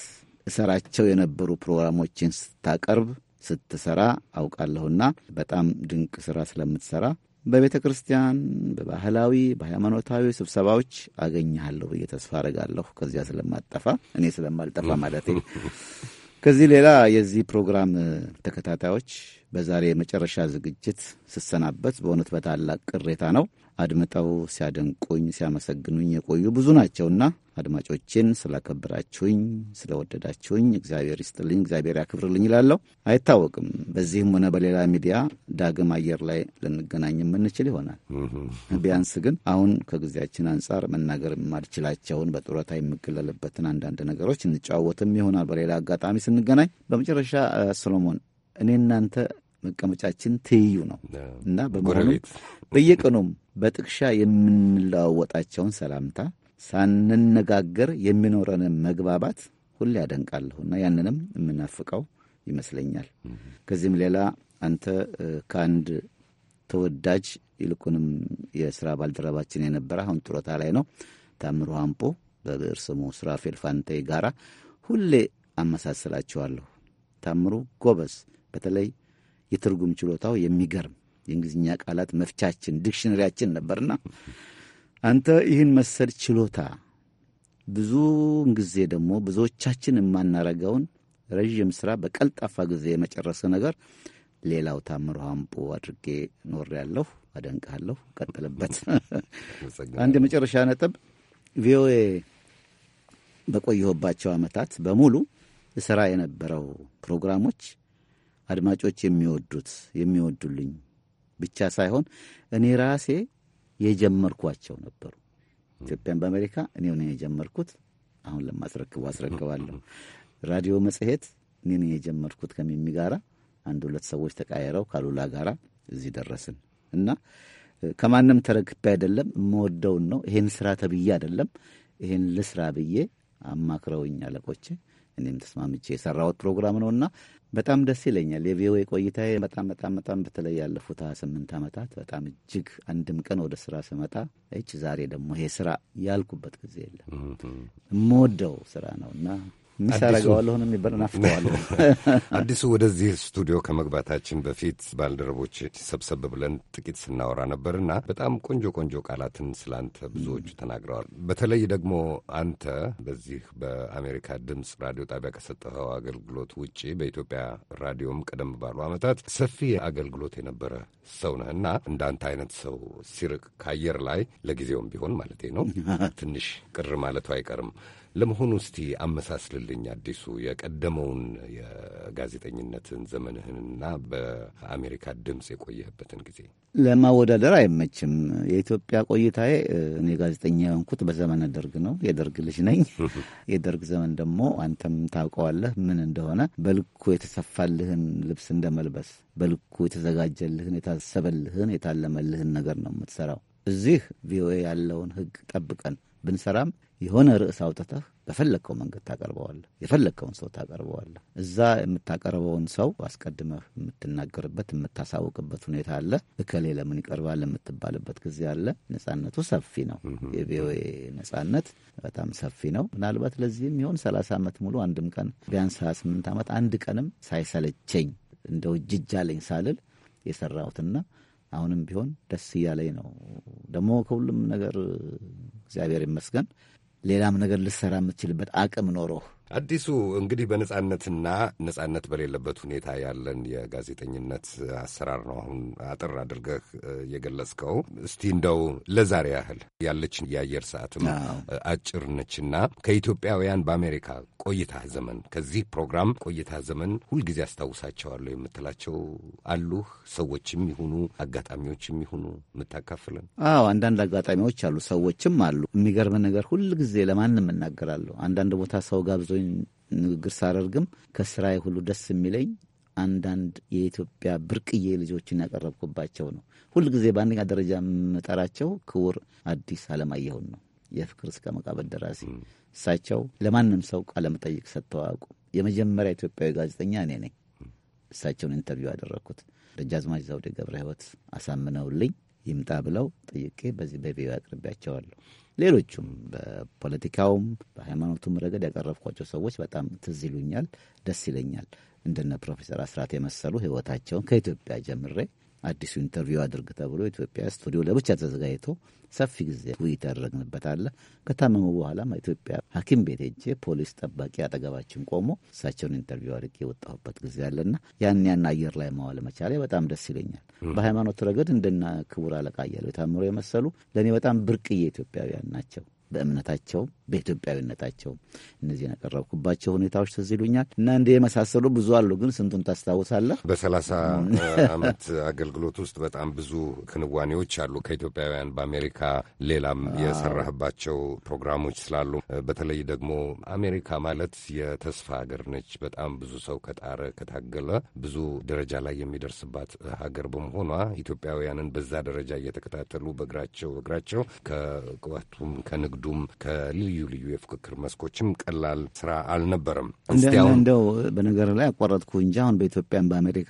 እሰራቸው የነበሩ ፕሮግራሞችን ስታቀርብ ስትሰራ አውቃለሁና በጣም ድንቅ ስራ ስለምትሰራ በቤተ ክርስቲያን በባህላዊ በሃይማኖታዊ ስብሰባዎች አገኘሃለሁ ብዬ ተስፋ አደርጋለሁ። ከዚያ ስለማጠፋ እኔ ስለማልጠፋ ማለት <laughs> ከዚህ ሌላ የዚህ ፕሮግራም ተከታታዮች በዛሬ የመጨረሻ ዝግጅት ስሰናበት በእውነት በታላቅ ቅሬታ ነው። አድምጠው ሲያደንቁኝ ሲያመሰግኑኝ የቆዩ ብዙ ናቸውና አድማጮችን ስላከብራችሁኝ ስለወደዳችሁኝ እግዚአብሔር ይስጥልኝ፣ እግዚአብሔር ያክብርልኝ ይላለሁ። አይታወቅም፣ በዚህም ሆነ በሌላ ሚዲያ ዳግም አየር ላይ ልንገናኝ የምንችል ይሆናል። ቢያንስ ግን አሁን ከጊዜያችን አንጻር መናገር የማልችላቸውን በጡረታ የምገለልበትን አንዳንድ ነገሮች እንጨዋወትም ይሆናል በሌላ አጋጣሚ ስንገናኝ። በመጨረሻ ሶሎሞን እኔ እናንተ መቀመጫችን ትይዩ ነው እና በመሆኑ በየቀኑም በጥቅሻ የምንለዋወጣቸውን ሰላምታ ሳንነጋገር የሚኖረንን መግባባት ሁሌ እና ያንንም የምናፍቀው ይመስለኛል። ከዚህም ሌላ አንተ ከአንድ ተወዳጅ ይልቁንም የስራ ባልደረባችን የነበረ አሁን ጡረታ ላይ ነው ታምሩ አምፖ በብዕር ስሙ ስራፌል ጋራ ሁሌ አመሳስላችኋለሁ። ታምሩ ጎበዝ፣ በተለይ የትርጉም ችሎታው የሚገርም የእንግሊዝኛ ቃላት መፍቻችን ዲክሽነሪያችን ነበርና አንተ ይህን መሰል ችሎታ ብዙውን ጊዜ ደግሞ ብዙዎቻችን የማናረገውን ረዥም ስራ በቀልጣፋ ጊዜ የመጨረሰ ነገር ሌላው ታምሮ አምቦ አድርጌ ኖር ያለሁ አደንቃለሁ። ቀጥልበት። አንድ የመጨረሻ ነጥብ ቪኦኤ በቆየሁባቸው ዓመታት በሙሉ ስራ የነበረው ፕሮግራሞች አድማጮች የሚወዱት የሚወዱልኝ ብቻ ሳይሆን እኔ ራሴ የጀመርኳቸው ነበሩ። ኢትዮጵያን በአሜሪካ እኔ ነኝ የጀመርኩት። አሁን ለማስረክቡ አስረክባለሁ። <laughs> ራዲዮ መጽሔት እኔ ነኝ የጀመርኩት ከሚሚ ጋራ አንድ ሁለት ሰዎች ተቃየረው ካሉላ ጋራ እዚህ ደረስን እና ከማንም ተረክቤ አይደለም። የምወደውን ነው። ይሄን ስራ ተብዬ አይደለም። ይሄን ልስራ ብዬ አማክረውኝ አለቆቼ፣ እኔም ተስማምቼ የሰራሁት ፕሮግራም ነው እና በጣም ደስ ይለኛል። የቪኦኤ ቆይታ በጣም በጣም በጣም በተለይ ያለፉት ሀያ ስምንት ዓመታት በጣም እጅግ አንድም ቀን ወደ ስራ ስመጣ እች ዛሬ ደግሞ ይሄ ስራ ያልኩበት ጊዜ የለም። የምወደው ስራ ነው እና ሚስ አረገዋለሁ ነው የሚባል ናፍቀዋለሁ። <laughs> አዲሱ ወደዚህ ስቱዲዮ ከመግባታችን በፊት ባልደረቦች ሰብሰብ ብለን ጥቂት ስናወራ ነበርና በጣም ቆንጆ ቆንጆ ቃላትን ስላንተ ብዙዎቹ ተናግረዋል። በተለይ ደግሞ አንተ በዚህ በአሜሪካ ድምፅ ራዲዮ ጣቢያ ከሰጠኸው አገልግሎት ውጭ በኢትዮጵያ ራዲዮም ቀደም ባሉ ዓመታት ሰፊ አገልግሎት የነበረ ሰው ነህና እንዳንተ አይነት ሰው ሲርቅ ከአየር ላይ ለጊዜውም ቢሆን ማለት ነው ትንሽ ቅር ማለቱ አይቀርም። ለመሆኑ እስቲ አመሳስልልኝ አዲሱ የቀደመውን የጋዜጠኝነትን ዘመንህንና በአሜሪካ ድምፅ የቆየህበትን ጊዜ ለማወዳደር አይመችም። የኢትዮጵያ ቆይታዬ እኔ ጋዜጠኛ የሆንኩት በዘመነ ደርግ ነው። የደርግ ልጅ ነኝ። <laughs> የደርግ ዘመን ደግሞ አንተም ታውቀዋለህ ምን እንደሆነ በልኩ የተሰፋልህን ልብስ እንደመልበስ፣ በልኩ የተዘጋጀልህን፣ የታሰበልህን፣ የታለመልህን ነገር ነው የምትሰራው። እዚህ ቪኦኤ ያለውን ህግ ጠብቀን ብንሰራም የሆነ ርዕስ አውጥተህ በፈለግከው መንገድ ታቀርበዋለህ። የፈለግከውን ሰው ታቀርበዋለህ። እዛ የምታቀርበውን ሰው አስቀድመህ የምትናገርበት የምታሳውቅበት ሁኔታ አለ። እከሌ ለምን ይቀርባል የምትባልበት ጊዜ አለ። ነጻነቱ ሰፊ ነው። የቪኦኤ ነጻነት በጣም ሰፊ ነው። ምናልባት ለዚህም ይሆን ሰላሳ ዓመት ሙሉ አንድም ቀን ቢያንስ ስምንት ዓመት አንድ ቀንም ሳይሰለቸኝ እንደው እጅጃለኝ ሳልል የሰራሁትና አሁንም ቢሆን ደስ እያለኝ ነው። ደግሞ ከሁሉም ነገር እግዚአብሔር ይመስገን ሌላም ነገር ልትሰራ የምትችልበት አቅም ኖሮህ አዲሱ እንግዲህ በነጻነትና ነጻነት በሌለበት ሁኔታ ያለን የጋዜጠኝነት አሰራር ነው አሁን አጥር አድርገህ የገለጽከው። እስቲ እንደው ለዛሬ ያህል ያለችን የአየር ሰዓትም አጭር ነችና ከኢትዮጵያውያን በአሜሪካ ቆይታ ዘመን ከዚህ ፕሮግራም ቆይታ ዘመን ሁልጊዜ አስታውሳቸዋለሁ የምትላቸው አሉህ? ሰዎችም ይሁኑ አጋጣሚዎችም ይሁኑ የምታካፍለን? አዎ አንዳንድ አጋጣሚዎች አሉ፣ ሰዎችም አሉ። የሚገርም ነገር ሁልጊዜ ለማንም እናገራለሁ። አንዳንድ ቦታ ሰው ጋብዞ ንግግር ሳደርግም ከስራዬ ሁሉ ደስ የሚለኝ አንዳንድ የኢትዮጵያ ብርቅዬ ልጆችን ያቀረብኩባቸው ነው። ሁልጊዜ በአንደኛ ደረጃ የምጠራቸው ክቡር አዲስ አለማየሁን ነው። የፍቅር እስከ መቃብር ደራሲ እሳቸው ለማንም ሰው ቃለመጠይቅ ሰጥተው የመጀመሪያ ኢትዮጵያዊ ጋዜጠኛ እኔ ነኝ እሳቸውን ኢንተርቪው ያደረግኩት። ደጃዝማች ዘውዴ ገብረ ሕይወት አሳምነውልኝ ይምጣ ብለው ጠይቄ በዚህ በቪዮ አቅርቤያቸዋለሁ። ሌሎቹም በፖለቲካውም በሃይማኖቱም ረገድ ያቀረብኳቸው ሰዎች በጣም ትዝ ይሉኛል፣ ደስ ይለኛል። እንደነ ፕሮፌሰር አስራት የመሰሉ ህይወታቸውን ከኢትዮጵያ ጀምሬ አዲሱ ኢንተርቪው አድርግ ተብሎ ኢትዮጵያ ስቱዲዮ ለብቻ ተዘጋጅቶ ሰፊ ጊዜ ውይይት ያደረግንበት አለ። ከታመሙ በኋላም ኢትዮጵያ ሐኪም ቤት ሄጄ ፖሊስ ጠባቂ አጠገባችን ቆሞ እሳቸውን ኢንተርቪው አድርጌ የወጣሁበት ጊዜ አለና ያን ያን አየር ላይ ማዋል መቻሌ በጣም ደስ ይለኛል። በሃይማኖት ረገድ እንደና ክቡር አለቃ እያሉ የታምሮ የመሰሉ ለእኔ በጣም ብርቅዬ ኢትዮጵያውያን ናቸው። በእምነታቸው በኢትዮጵያዊነታቸው እነዚህን ያቀረብኩባቸው ሁኔታዎች ትዝ ይሉኛል እና እንዲህ የመሳሰሉ ብዙ አሉ። ግን ስንቱን ታስታውሳለህ? በሰላሳ ዓመት አገልግሎት ውስጥ በጣም ብዙ ክንዋኔዎች አሉ። ከኢትዮጵያውያን በአሜሪካ ሌላም የሰራህባቸው ፕሮግራሞች ስላሉ በተለይ ደግሞ አሜሪካ ማለት የተስፋ ሀገር ነች። በጣም ብዙ ሰው ከጣረ ከታገለ ብዙ ደረጃ ላይ የሚደርስባት ሀገር በመሆኗ ኢትዮጵያውያንን በዛ ደረጃ እየተከታተሉ በእግራቸው እግራቸው ከቅባቱም ከንግዱ ከንግዱም ከልዩ ልዩ የፉክክር መስኮችም ቀላል ስራ አልነበረም። እንደው በነገር ላይ አቋረጥኩ እንጂ አሁን በኢትዮጵያን በአሜሪካ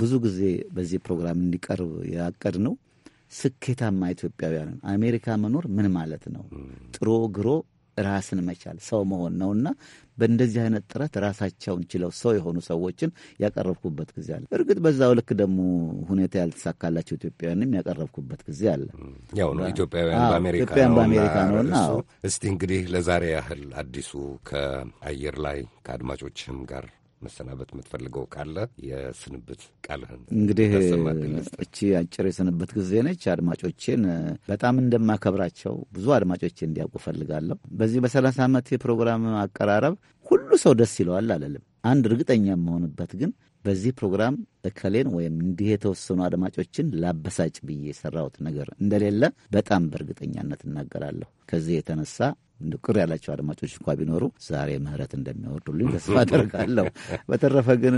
ብዙ ጊዜ በዚህ ፕሮግራም እንዲቀርብ ያቀድ ነው። ስኬታማ ኢትዮጵያውያንን አሜሪካ መኖር ምን ማለት ነው? ጥሮ ግሮ ራስን መቻል ሰው መሆን ነውና በእንደዚህ አይነት ጥረት ራሳቸውን ችለው ሰው የሆኑ ሰዎችን ያቀረብኩበት ጊዜ አለ። እርግጥ በዛው ልክ ደግሞ ሁኔታ ያልተሳካላቸው ኢትዮጵያውያንም ያቀረብኩበት ጊዜ አለ። ያው ነው ኢትዮጵያውያን በአሜሪካ ነውና። እስቲ እንግዲህ ለዛሬ ያህል አዲሱ ከአየር ላይ ከአድማጮችም ጋር መሰናበት የምትፈልገው ካለ የስንብት ቃልህን እንግዲህ እቺ አጭር የስንብት ጊዜ ነች። አድማጮቼን በጣም እንደማከብራቸው ብዙ አድማጮቼ እንዲያውቁ ፈልጋለሁ። በዚህ በሰላሳ ዓመት የፕሮግራም አቀራረብ ሁሉ ሰው ደስ ይለዋል አለልም። አንድ እርግጠኛ የምሆንበት ግን በዚህ ፕሮግራም እከሌን ወይም እንዲህ የተወሰኑ አድማጮችን ላበሳጭ ብዬ የሰራሁት ነገር እንደሌለ በጣም በእርግጠኛነት እናገራለሁ። ከዚህ የተነሳ ቅር ያላቸው አድማጮች እንኳ ቢኖሩ ዛሬ ምህረት እንደሚያወርዱልኝ ተስፋ <laughs> አደርጋለሁ። በተረፈ ግን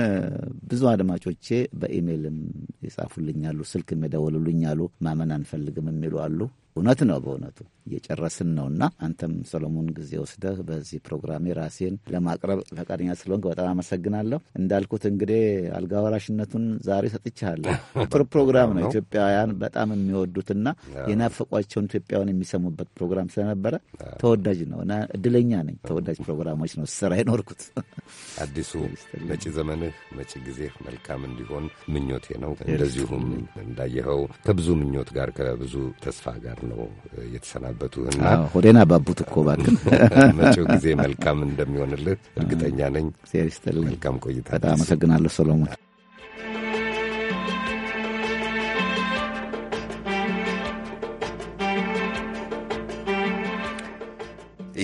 ብዙ አድማጮቼ በኢሜይልም ይጻፉልኛሉ፣ ስልክም የደወሉልኛሉ፣ ማመን አንፈልግም የሚሉ አሉ። እውነት ነው። በእውነቱ እየጨረስን ነውና አንተም ሰሎሞን ጊዜ ወስደህ በዚህ ፕሮግራሜ ራሴን ለማቅረብ ፈቃደኛ ስለሆንክ በጣም አመሰግናለሁ። እንዳልኩት እንግዲህ አልጋ ወራሽነቱን ዛሬ ሰጥቻለሁ። <laughs> ጥሩ ፕሮግራም ነው። ኢትዮጵያውያን በጣም የሚወዱትና የናፈቋቸውን ኢትዮጵያውያን የሚሰሙበት ፕሮግራም ስለነበረ ተወዳጅ ነው እና እድለኛ ነኝ። ተወዳጅ ፕሮግራሞች ነው ስራ የኖርኩት። <laughs> አዲሱ <laughs> መጪ ዘመንህ መጪ ጊዜ መልካም እንዲሆን ምኞቴ ነው። እንደዚሁም እንዳየኸው ከብዙ ምኞት ጋር ከብዙ ተስፋ ጋር ነው የተሰናበቱ እና ሆዴን አባቡት እኮ እባክህ። <laughs> መጪው ጊዜ መልካም እንደሚሆንልህ እርግጠኛ ነኝ። መልካም ቆይታ። በጣም አመሰግናለሁ ሰሎሞን።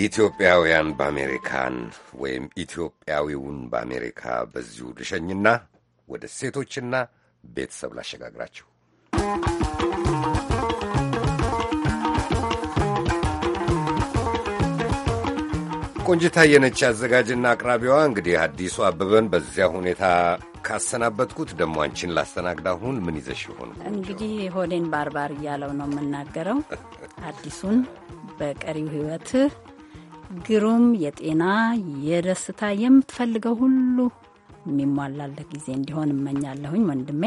ኢትዮጵያውያን በአሜሪካን ወይም ኢትዮጵያዊውን በአሜሪካ በዚሁ ልሸኝና ወደ ሴቶችና ቤተሰብ ላሸጋግራችሁ። ቆንጅታ የነች አዘጋጅና አቅራቢዋ። እንግዲህ አዲሱ አበበን በዚያ ሁኔታ ካሰናበትኩት ደሞ አንቺን ላስተናግድ። አሁን ምን ይዘሽ ይሆን? እንግዲህ ሆዴን ባርባር እያለው ነው የምናገረው። <laughs> አዲሱን በቀሪው ህይወት ግሩም የጤና የደስታ የምትፈልገው ሁሉ የሚሟላለት ጊዜ እንዲሆን እመኛለሁኝ ወንድሜ።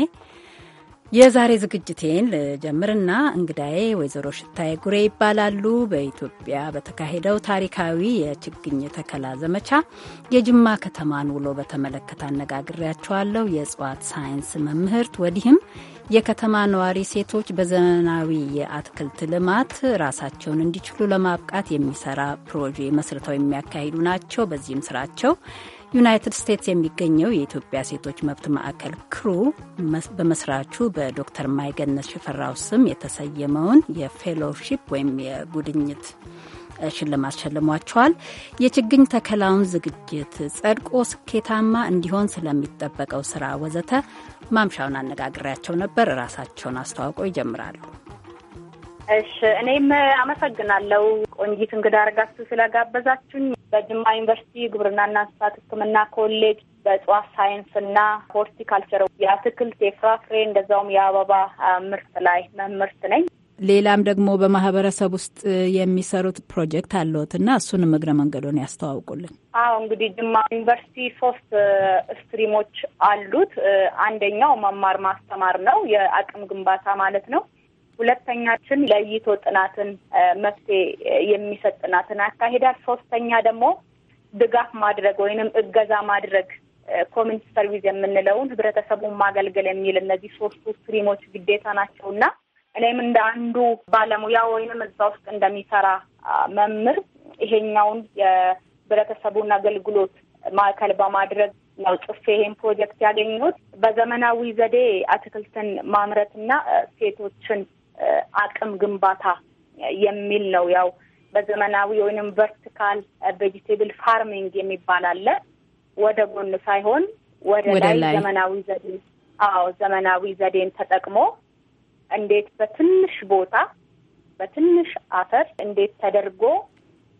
የዛሬ ዝግጅቴን ልጀምርና እንግዳዬ ወይዘሮ ሽታዬ ጉሬ ይባላሉ። በኢትዮጵያ በተካሄደው ታሪካዊ የችግኝ ተከላ ዘመቻ የጅማ ከተማን ውሎ በተመለከተ አነጋግሬያቸዋለሁ። የእጽዋት ሳይንስ መምህርት ወዲህም የከተማ ነዋሪ ሴቶች በዘመናዊ የአትክልት ልማት ራሳቸውን እንዲችሉ ለማብቃት የሚሰራ ፕሮጄ መስርተው የሚያካሂዱ ናቸው። በዚህም ስራቸው ዩናይትድ ስቴትስ የሚገኘው የኢትዮጵያ ሴቶች መብት ማዕከል ክሩ በመስራቹ በዶክተር ማይገነት ሽፈራው ስም የተሰየመውን የፌሎሺፕ ወይም የጉድኝት ሽልማት ሸልሟቸዋል። የችግኝ ተከላውን ዝግጅት ጸድቆ ስኬታማ እንዲሆን ስለሚጠበቀው ስራ ወዘተ ማምሻውን አነጋግሬያቸው ነበር። ራሳቸውን አስተዋውቀው ይጀምራሉ። እሺ እኔም አመሰግናለሁ ቆንጂት፣ እንግዳ አርጋችሁ ስለጋበዛችሁኝ። በጅማ ዩኒቨርሲቲ ግብርናና እንስሳት ሕክምና ኮሌጅ በእጽዋት ሳይንስና ሆርቲካልቸር የአትክልት የፍራፍሬ እንደዛውም የአበባ ምርት ላይ መምህርት ነኝ። ሌላም ደግሞ በማህበረሰብ ውስጥ የሚሰሩት ፕሮጀክት አለዎት እና እሱንም እግረ መንገዶን ያስተዋውቁልን። አዎ እንግዲህ ጅማ ዩኒቨርሲቲ ሶስት ስትሪሞች አሉት። አንደኛው መማር ማስተማር ነው፣ የአቅም ግንባታ ማለት ነው። ሁለተኛችን ለይቶ ጥናትን መፍትሄ የሚሰጥ ጥናትን ያካሂዳል። ሶስተኛ ደግሞ ድጋፍ ማድረግ ወይንም እገዛ ማድረግ ኮሚኒቲ ሰርቪስ የምንለውን ህብረተሰቡን ማገልገል የሚል እነዚህ ሶስቱ ስትሪሞች ግዴታ ናቸው እና እኔም እንደ አንዱ ባለሙያ ወይንም እዛ ውስጥ እንደሚሰራ መምህር ይሄኛውን የህብረተሰቡን አገልግሎት ማዕከል በማድረግ ነው ጽፌ ይሄን ፕሮጀክት ያገኘሁት። በዘመናዊ ዘዴ አትክልትን ማምረትና ሴቶችን አቅም ግንባታ የሚል ነው። ያው በዘመናዊ ወይንም ቨርቲካል ቬጂቴብል ፋርሚንግ የሚባል አለ። ወደ ጎን ሳይሆን ወደ ላይ ዘመናዊ ዘዴ አዎ ዘመናዊ ዘዴን ተጠቅሞ እንዴት በትንሽ ቦታ በትንሽ አፈር እንዴት ተደርጎ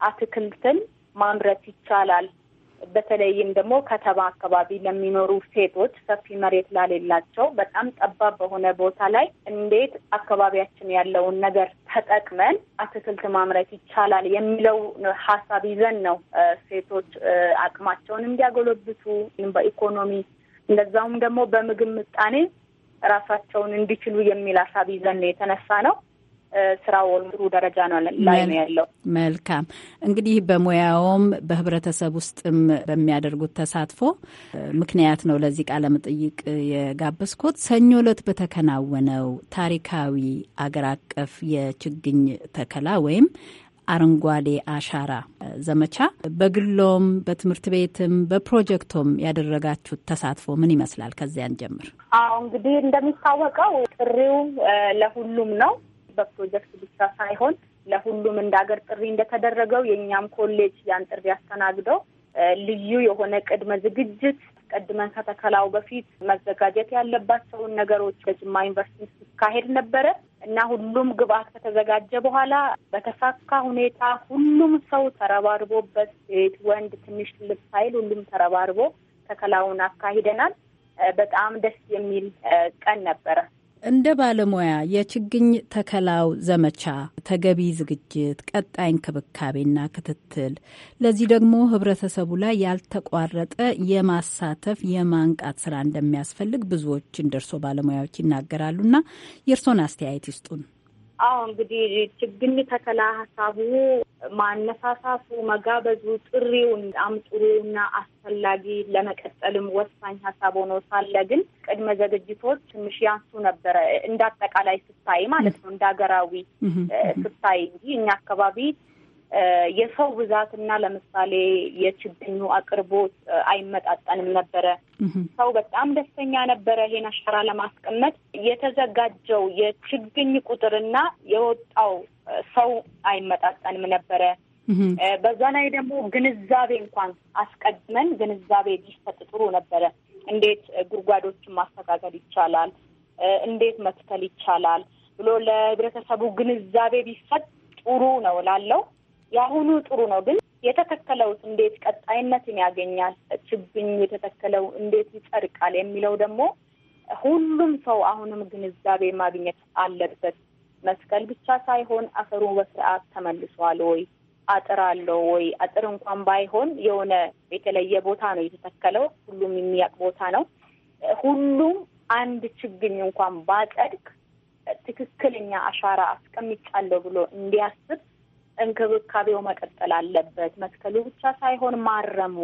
አትክልትን ማምረት ይቻላል በተለይም ደግሞ ከተማ አካባቢ ለሚኖሩ ሴቶች ሰፊ መሬት ላሌላቸው በጣም ጠባብ በሆነ ቦታ ላይ እንዴት አካባቢያችን ያለውን ነገር ተጠቅመን አትክልት ማምረት ይቻላል የሚለው ሀሳብ ይዘን ነው ሴቶች አቅማቸውን እንዲያጎለብቱ በኢኮኖሚ እንደዛውም ደግሞ በምግብ ምጣኔ ራሳቸውን እንዲችሉ የሚል ሀሳብ ይዘን ነው የተነሳ ነው። ስራ ጥሩ ደረጃ ነው ላይ ነው ያለው። መልካም እንግዲህ በሙያውም በህብረተሰብ ውስጥም በሚያደርጉት ተሳትፎ ምክንያት ነው ለዚህ ቃለ መጠይቅ የጋበዝኩት። ሰኞ ዕለት በተከናወነው ታሪካዊ አገር አቀፍ የችግኝ ተከላ ወይም አረንጓዴ አሻራ ዘመቻ በግሎም በትምህርት ቤትም በፕሮጀክቶም ያደረጋችሁት ተሳትፎ ምን ይመስላል? ከዚያን ጀምር። አዎ እንግዲህ እንደሚታወቀው ጥሪው ለሁሉም ነው። በፕሮጀክት ብቻ ሳይሆን ለሁሉም እንደ ሀገር ጥሪ እንደተደረገው የእኛም ኮሌጅ ያን ጥሪ አስተናግደው ልዩ የሆነ ቅድመ ዝግጅት ቀድመን ከተከላው በፊት መዘጋጀት ያለባቸውን ነገሮች በጅማ ዩኒቨርሲቲ ሲካሄድ ነበረ እና ሁሉም ግብአት ከተዘጋጀ በኋላ በተሳካ ሁኔታ ሁሉም ሰው ተረባርቦበት፣ ሴት ወንድ፣ ትንሽ ትልቅ ሳይል ሁሉም ተረባርቦ ተከላውን አካሂደናል። በጣም ደስ የሚል ቀን ነበረ። እንደ ባለሙያ የችግኝ ተከላው ዘመቻ ተገቢ ዝግጅት፣ ቀጣይ እንክብካቤና ክትትል፣ ለዚህ ደግሞ ህብረተሰቡ ላይ ያልተቋረጠ የማሳተፍ የማንቃት ስራ እንደሚያስፈልግ ብዙዎች እንደርሶ ባለሙያዎች ይናገራሉና የእርሶን አስተያየት ይስጡን። አዎ እንግዲህ ችግኝ ተከላ ሀሳቡ ማነሳሳቱ፣ መጋበዙ፣ ጥሪውን በጣም ጥሩና አስፈላጊ ለመቀጠልም ወሳኝ ሀሳብ ሆኖ ሳለ ግን ቅድመ ዝግጅቶች ትንሽ ያንሱ ነበረ እንደ አጠቃላይ ስታይ ማለት ነው እንደ ሀገራዊ ስታይ እንጂ እኛ አካባቢ የሰው እና ለምሳሌ የችግኙ አቅርቦት አይመጣጠንም ነበረ። ሰው በጣም ደስተኛ ነበረ። ይሄን አሻራ ለማስቀመጥ የተዘጋጀው የችግኝ ቁጥር እና የወጣው ሰው አይመጣጠንም ነበረ። በዛ ላይ ደግሞ ግንዛቤ እንኳን አስቀድመን ግንዛቤ ቢሰጥ ጥሩ ነበረ። እንዴት ጉድጓዶችን ማስተካከል ይቻላል፣ እንዴት መትከል ይቻላል ብሎ ለህብረተሰቡ ግንዛቤ ቢሰጥ ጥሩ ነው ላለው የአሁኑ ጥሩ ነው ግን የተተከለው እንዴት ቀጣይነትን ያገኛል፣ ችግኝ የተተከለው እንዴት ይጸድቃል የሚለው ደግሞ ሁሉም ሰው አሁንም ግንዛቤ ማግኘት አለበት። መስቀል ብቻ ሳይሆን አፈሩ በስርዓት ተመልሷል ወይ፣ አጥር አለው ወይ፣ አጥር እንኳን ባይሆን የሆነ የተለየ ቦታ ነው የተተከለው፣ ሁሉም የሚያውቅ ቦታ ነው። ሁሉም አንድ ችግኝ እንኳን ባጸድቅ ትክክለኛ አሻራ አስቀምጫለሁ ብሎ እንዲያስብ እንክብካቤው መቀጠል አለበት። መትከሉ ብቻ ሳይሆን ማረሙ፣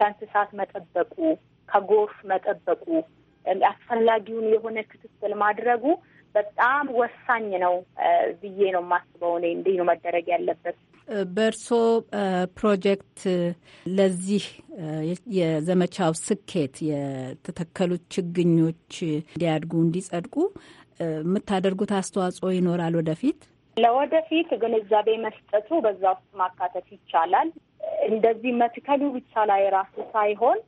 ከእንስሳት መጠበቁ፣ ከጎርፍ መጠበቁ፣ አስፈላጊውን የሆነ ክትትል ማድረጉ በጣም ወሳኝ ነው ብዬ ነው የማስበው። እኔ እንዲህ ነው መደረግ ያለበት። በእርሶ ፕሮጀክት ለዚህ የዘመቻው ስኬት የተተከሉት ችግኞች እንዲያድጉ፣ እንዲጸድቁ የምታደርጉት አስተዋጽኦ ይኖራል ወደፊት? ለወደፊት ግንዛቤ መስጠቱ በዛ ውስጥ ማካተት ይቻላል። እንደዚህ መትከሉ ብቻ ላይ ራሱ ሳይሆን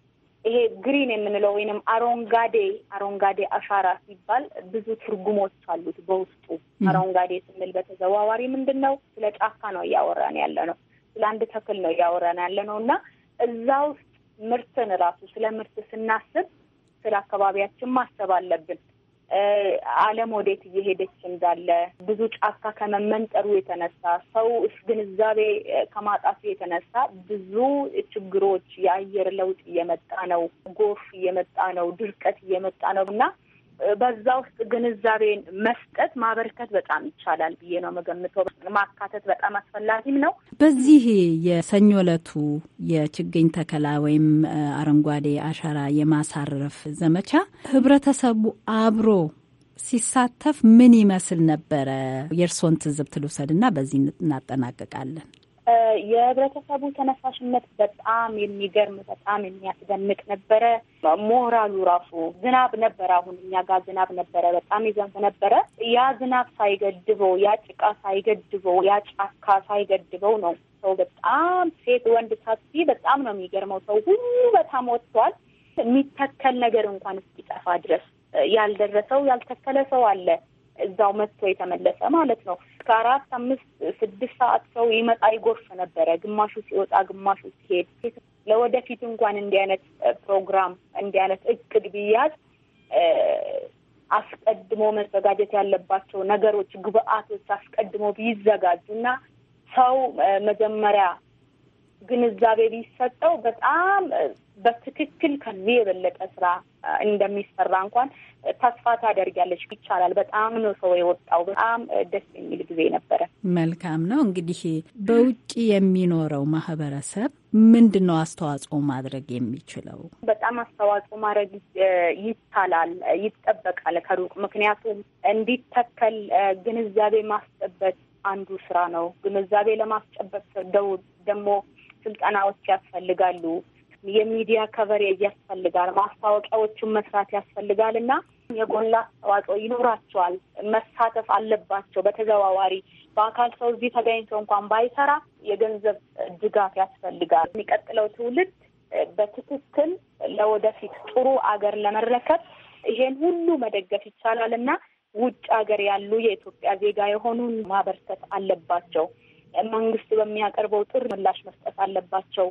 ይሄ ግሪን የምንለው ወይንም አረንጓዴ አረንጓዴ አሻራ ሲባል ብዙ ትርጉሞች አሉት በውስጡ። አረንጓዴ ስንል በተዘዋዋሪ ምንድን ነው? ስለ ጫካ ነው እያወራን ያለ ነው። ስለ አንድ ተክል ነው እያወራን ያለ ነው እና እዛ ውስጥ ምርትን ራሱ ስለ ምርት ስናስብ ስለ አካባቢያችን ማሰብ አለብን። ዓለም ወዴት እየሄደች እንዳለ ብዙ ጫካ ከመመንጠሩ የተነሳ ሰው ግንዛቤ ከማጣቱ የተነሳ ብዙ ችግሮች፣ የአየር ለውጥ እየመጣ ነው፣ ጎርፍ እየመጣ ነው፣ ድርቀት እየመጣ ነው እና በዛ ውስጥ ግንዛቤን መስጠት ማበርከት በጣም ይቻላል ብዬ ነው መገምተው። ማካተት በጣም አስፈላጊም ነው። በዚህ የሰኞ ዕለቱ የችግኝ ተከላ ወይም አረንጓዴ አሻራ የማሳረፍ ዘመቻ ህብረተሰቡ አብሮ ሲሳተፍ ምን ይመስል ነበረ? የእርስዎን ትዝብት ልውሰድና በዚህ እናጠናቅቃለን። የህብረተሰቡ ተነሳሽነት በጣም የሚገርም በጣም የሚያስደንቅ ነበረ። ሞራሉ ራሱ ዝናብ ነበረ። አሁን እኛ ጋር ዝናብ ነበረ፣ በጣም ይዘንብ ነበረ። ያ ዝናብ ሳይገድበው፣ ያ ጭቃ ሳይገድበው፣ ያ ጫካ ሳይገድበው ነው ሰው በጣም ሴት ወንድ ሳትይ በጣም ነው የሚገርመው። ሰው ሁሉ በጣም ወጥቷል። የሚተከል ነገር እንኳን እስኪጠፋ ድረስ ያልደረሰው ያልተከለ ሰው አለ፣ እዛው መጥቶ የተመለሰ ማለት ነው። እስከ አራት አምስት ስድስት ሰዓት ሰው ይመጣ ይጎርፍ ነበረ። ግማሹ ሲወጣ፣ ግማሹ ሲሄድ። ለወደፊት እንኳን እንዲህ አይነት ፕሮግራም እንዲህ አይነት እቅድ ቢያዝ አስቀድሞ መዘጋጀት ያለባቸው ነገሮች ግብአቶች አስቀድሞ ቢዘጋጁ እና ሰው መጀመሪያ ግንዛቤ ቢሰጠው በጣም በትክክል ከዚህ የበለጠ ስራ እንደሚሰራ እንኳን ተስፋ ታደርጊያለች። ይቻላል። በጣም ነው ሰው የወጣው። በጣም ደስ የሚል ጊዜ ነበረ። መልካም ነው። እንግዲህ በውጭ የሚኖረው ማህበረሰብ ምንድን ነው አስተዋጽኦ ማድረግ የሚችለው? በጣም አስተዋጽኦ ማድረግ ይቻላል፣ ይጠበቃል ከሩቅ ምክንያቱም እንዲተከል ግንዛቤ ማስጨበጥ አንዱ ስራ ነው። ግንዛቤ ለማስጨበት ደው ደግሞ ስልጠናዎች ያስፈልጋሉ። የሚዲያ ከቨሬጅ ያስፈልጋል፣ ማስታወቂያዎቹን መስራት ያስፈልጋል እና የጎላ አስተዋጽኦ ይኖራቸዋል፣ መሳተፍ አለባቸው። በተዘዋዋሪ በአካል ሰው እዚህ ተገኝቶ እንኳን ባይሰራ የገንዘብ ድጋፍ ያስፈልጋል። የሚቀጥለው ትውልድ በትክክል ለወደፊት ጥሩ አገር ለመረከብ ይሄን ሁሉ መደገፍ ይቻላል እና ውጭ ሀገር ያሉ የኢትዮጵያ ዜጋ የሆኑን ማበርከት አለባቸው። መንግስት በሚያቀርበው ጥሪ ምላሽ መስጠት አለባቸው።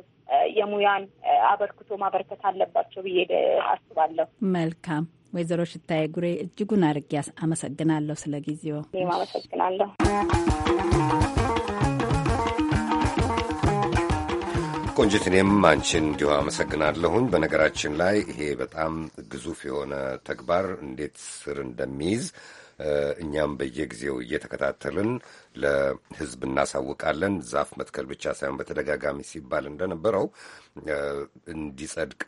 የሙያን አበርክቶ ማበርከት አለባቸው ብዬ አስባለሁ። መልካም ወይዘሮ ሽታዬ ጉሬ እጅጉን አድርጌ አመሰግናለሁ ስለ ጊዜው። እኔም አመሰግናለሁ። ቆንጅት፣ እኔም አንቺን እንዲሁ አመሰግናለሁኝ። በነገራችን ላይ ይሄ በጣም ግዙፍ የሆነ ተግባር እንዴት ስር እንደሚይዝ እኛም በየጊዜው እየተከታተልን ለሕዝብ እናሳውቃለን። ዛፍ መትከል ብቻ ሳይሆን በተደጋጋሚ ሲባል እንደነበረው እንዲጸድቅ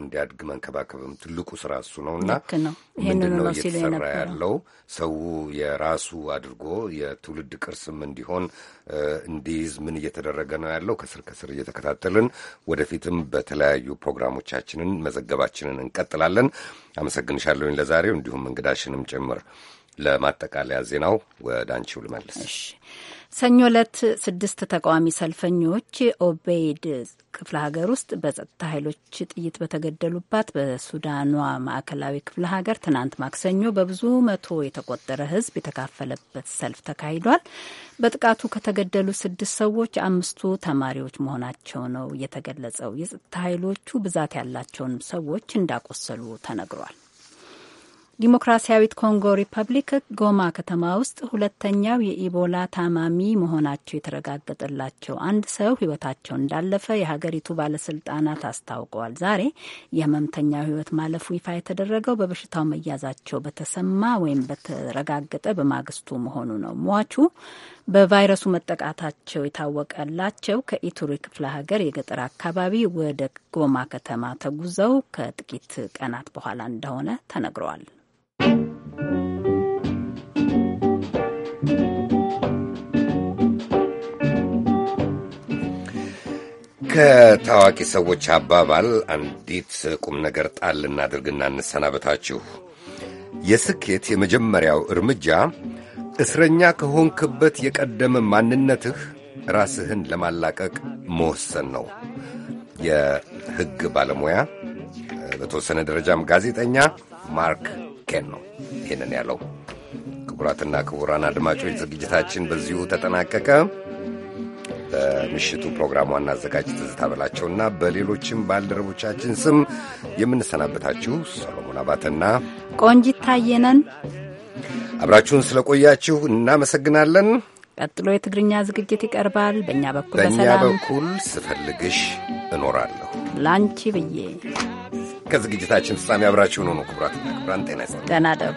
እንዲያድግ መንከባከብም ትልቁ ስራ እሱ ነው እና ምንድነው እየተሰራ ያለው? ሰው የራሱ አድርጎ የትውልድ ቅርስም እንዲሆን እንዲይዝ ምን እየተደረገ ነው ያለው? ከስር ከስር እየተከታተልን ወደፊትም በተለያዩ ፕሮግራሞቻችንን መዘገባችንን እንቀጥላለን። አመሰግንሻለሁኝ ለዛሬው እንዲሁም እንግዳሽንም ጭምር ለማጠቃለያ ዜናው ወደ አንቺው ልመልስ። ሰኞ ዕለት ስድስት ተቃዋሚ ሰልፈኞች ኦቤይድ ክፍለ ሀገር ውስጥ በጸጥታ ኃይሎች ጥይት በተገደሉባት በሱዳኗ ማዕከላዊ ክፍለ ሀገር ትናንት ማክሰኞ በብዙ መቶ የተቆጠረ ሕዝብ የተካፈለበት ሰልፍ ተካሂዷል። በጥቃቱ ከተገደሉ ስድስት ሰዎች አምስቱ ተማሪዎች መሆናቸው ነው የተገለጸው። የጸጥታ ኃይሎቹ ብዛት ያላቸውንም ሰዎች እንዳቆሰሉ ተነግሯል። ዲሞክራሲያዊት ኮንጎ ሪፐብሊክ ጎማ ከተማ ውስጥ ሁለተኛው የኢቦላ ታማሚ መሆናቸው የተረጋገጠላቸው አንድ ሰው ሕይወታቸው እንዳለፈ የሀገሪቱ ባለስልጣናት አስታውቀዋል። ዛሬ የህመምተኛው ሕይወት ማለፉ ይፋ የተደረገው በበሽታው መያዛቸው በተሰማ ወይም በተረጋገጠ በማግስቱ መሆኑ ነው። ሟቹ በቫይረሱ መጠቃታቸው የታወቀላቸው ከኢቱሪ ክፍለ ሀገር የገጠር አካባቢ ወደ ጎማ ከተማ ተጉዘው ከጥቂት ቀናት በኋላ እንደሆነ ተነግረዋል። ከታዋቂ ሰዎች አባባል አንዲት ቁም ነገር ጣል እናድርግና እንሰናበታችሁ። የስኬት የመጀመሪያው እርምጃ እስረኛ ከሆንክበት የቀደመ ማንነትህ ራስህን ለማላቀቅ መወሰን ነው። የሕግ ባለሙያ በተወሰነ ደረጃም ጋዜጠኛ ማርክ ኬን ነው ይህንን ያለው። ክቡራትና ክቡራን አድማጮች ዝግጅታችን በዚሁ ተጠናቀቀ። በምሽቱ ፕሮግራም ዋና አዘጋጅ ትዝታ በላቸውና በሌሎችም ባልደረቦቻችን ስም የምንሰናበታችሁ ሰሎሞን አባተና ቆንጂት ታየ አብራችሁን ስለቆያችሁ እናመሰግናለን። ቀጥሎ የትግርኛ ዝግጅት ይቀርባል። በእኛ በኩል በእኛ በኩል ስፈልግሽ እኖራለሁ ላንቺ ብዬ ከዝግጅታችን ፍጻሜ አብራችሁን ሆኑ። ክቡራትና ክቡራን ጤና ይስጥልኝ። ደህና ደሩ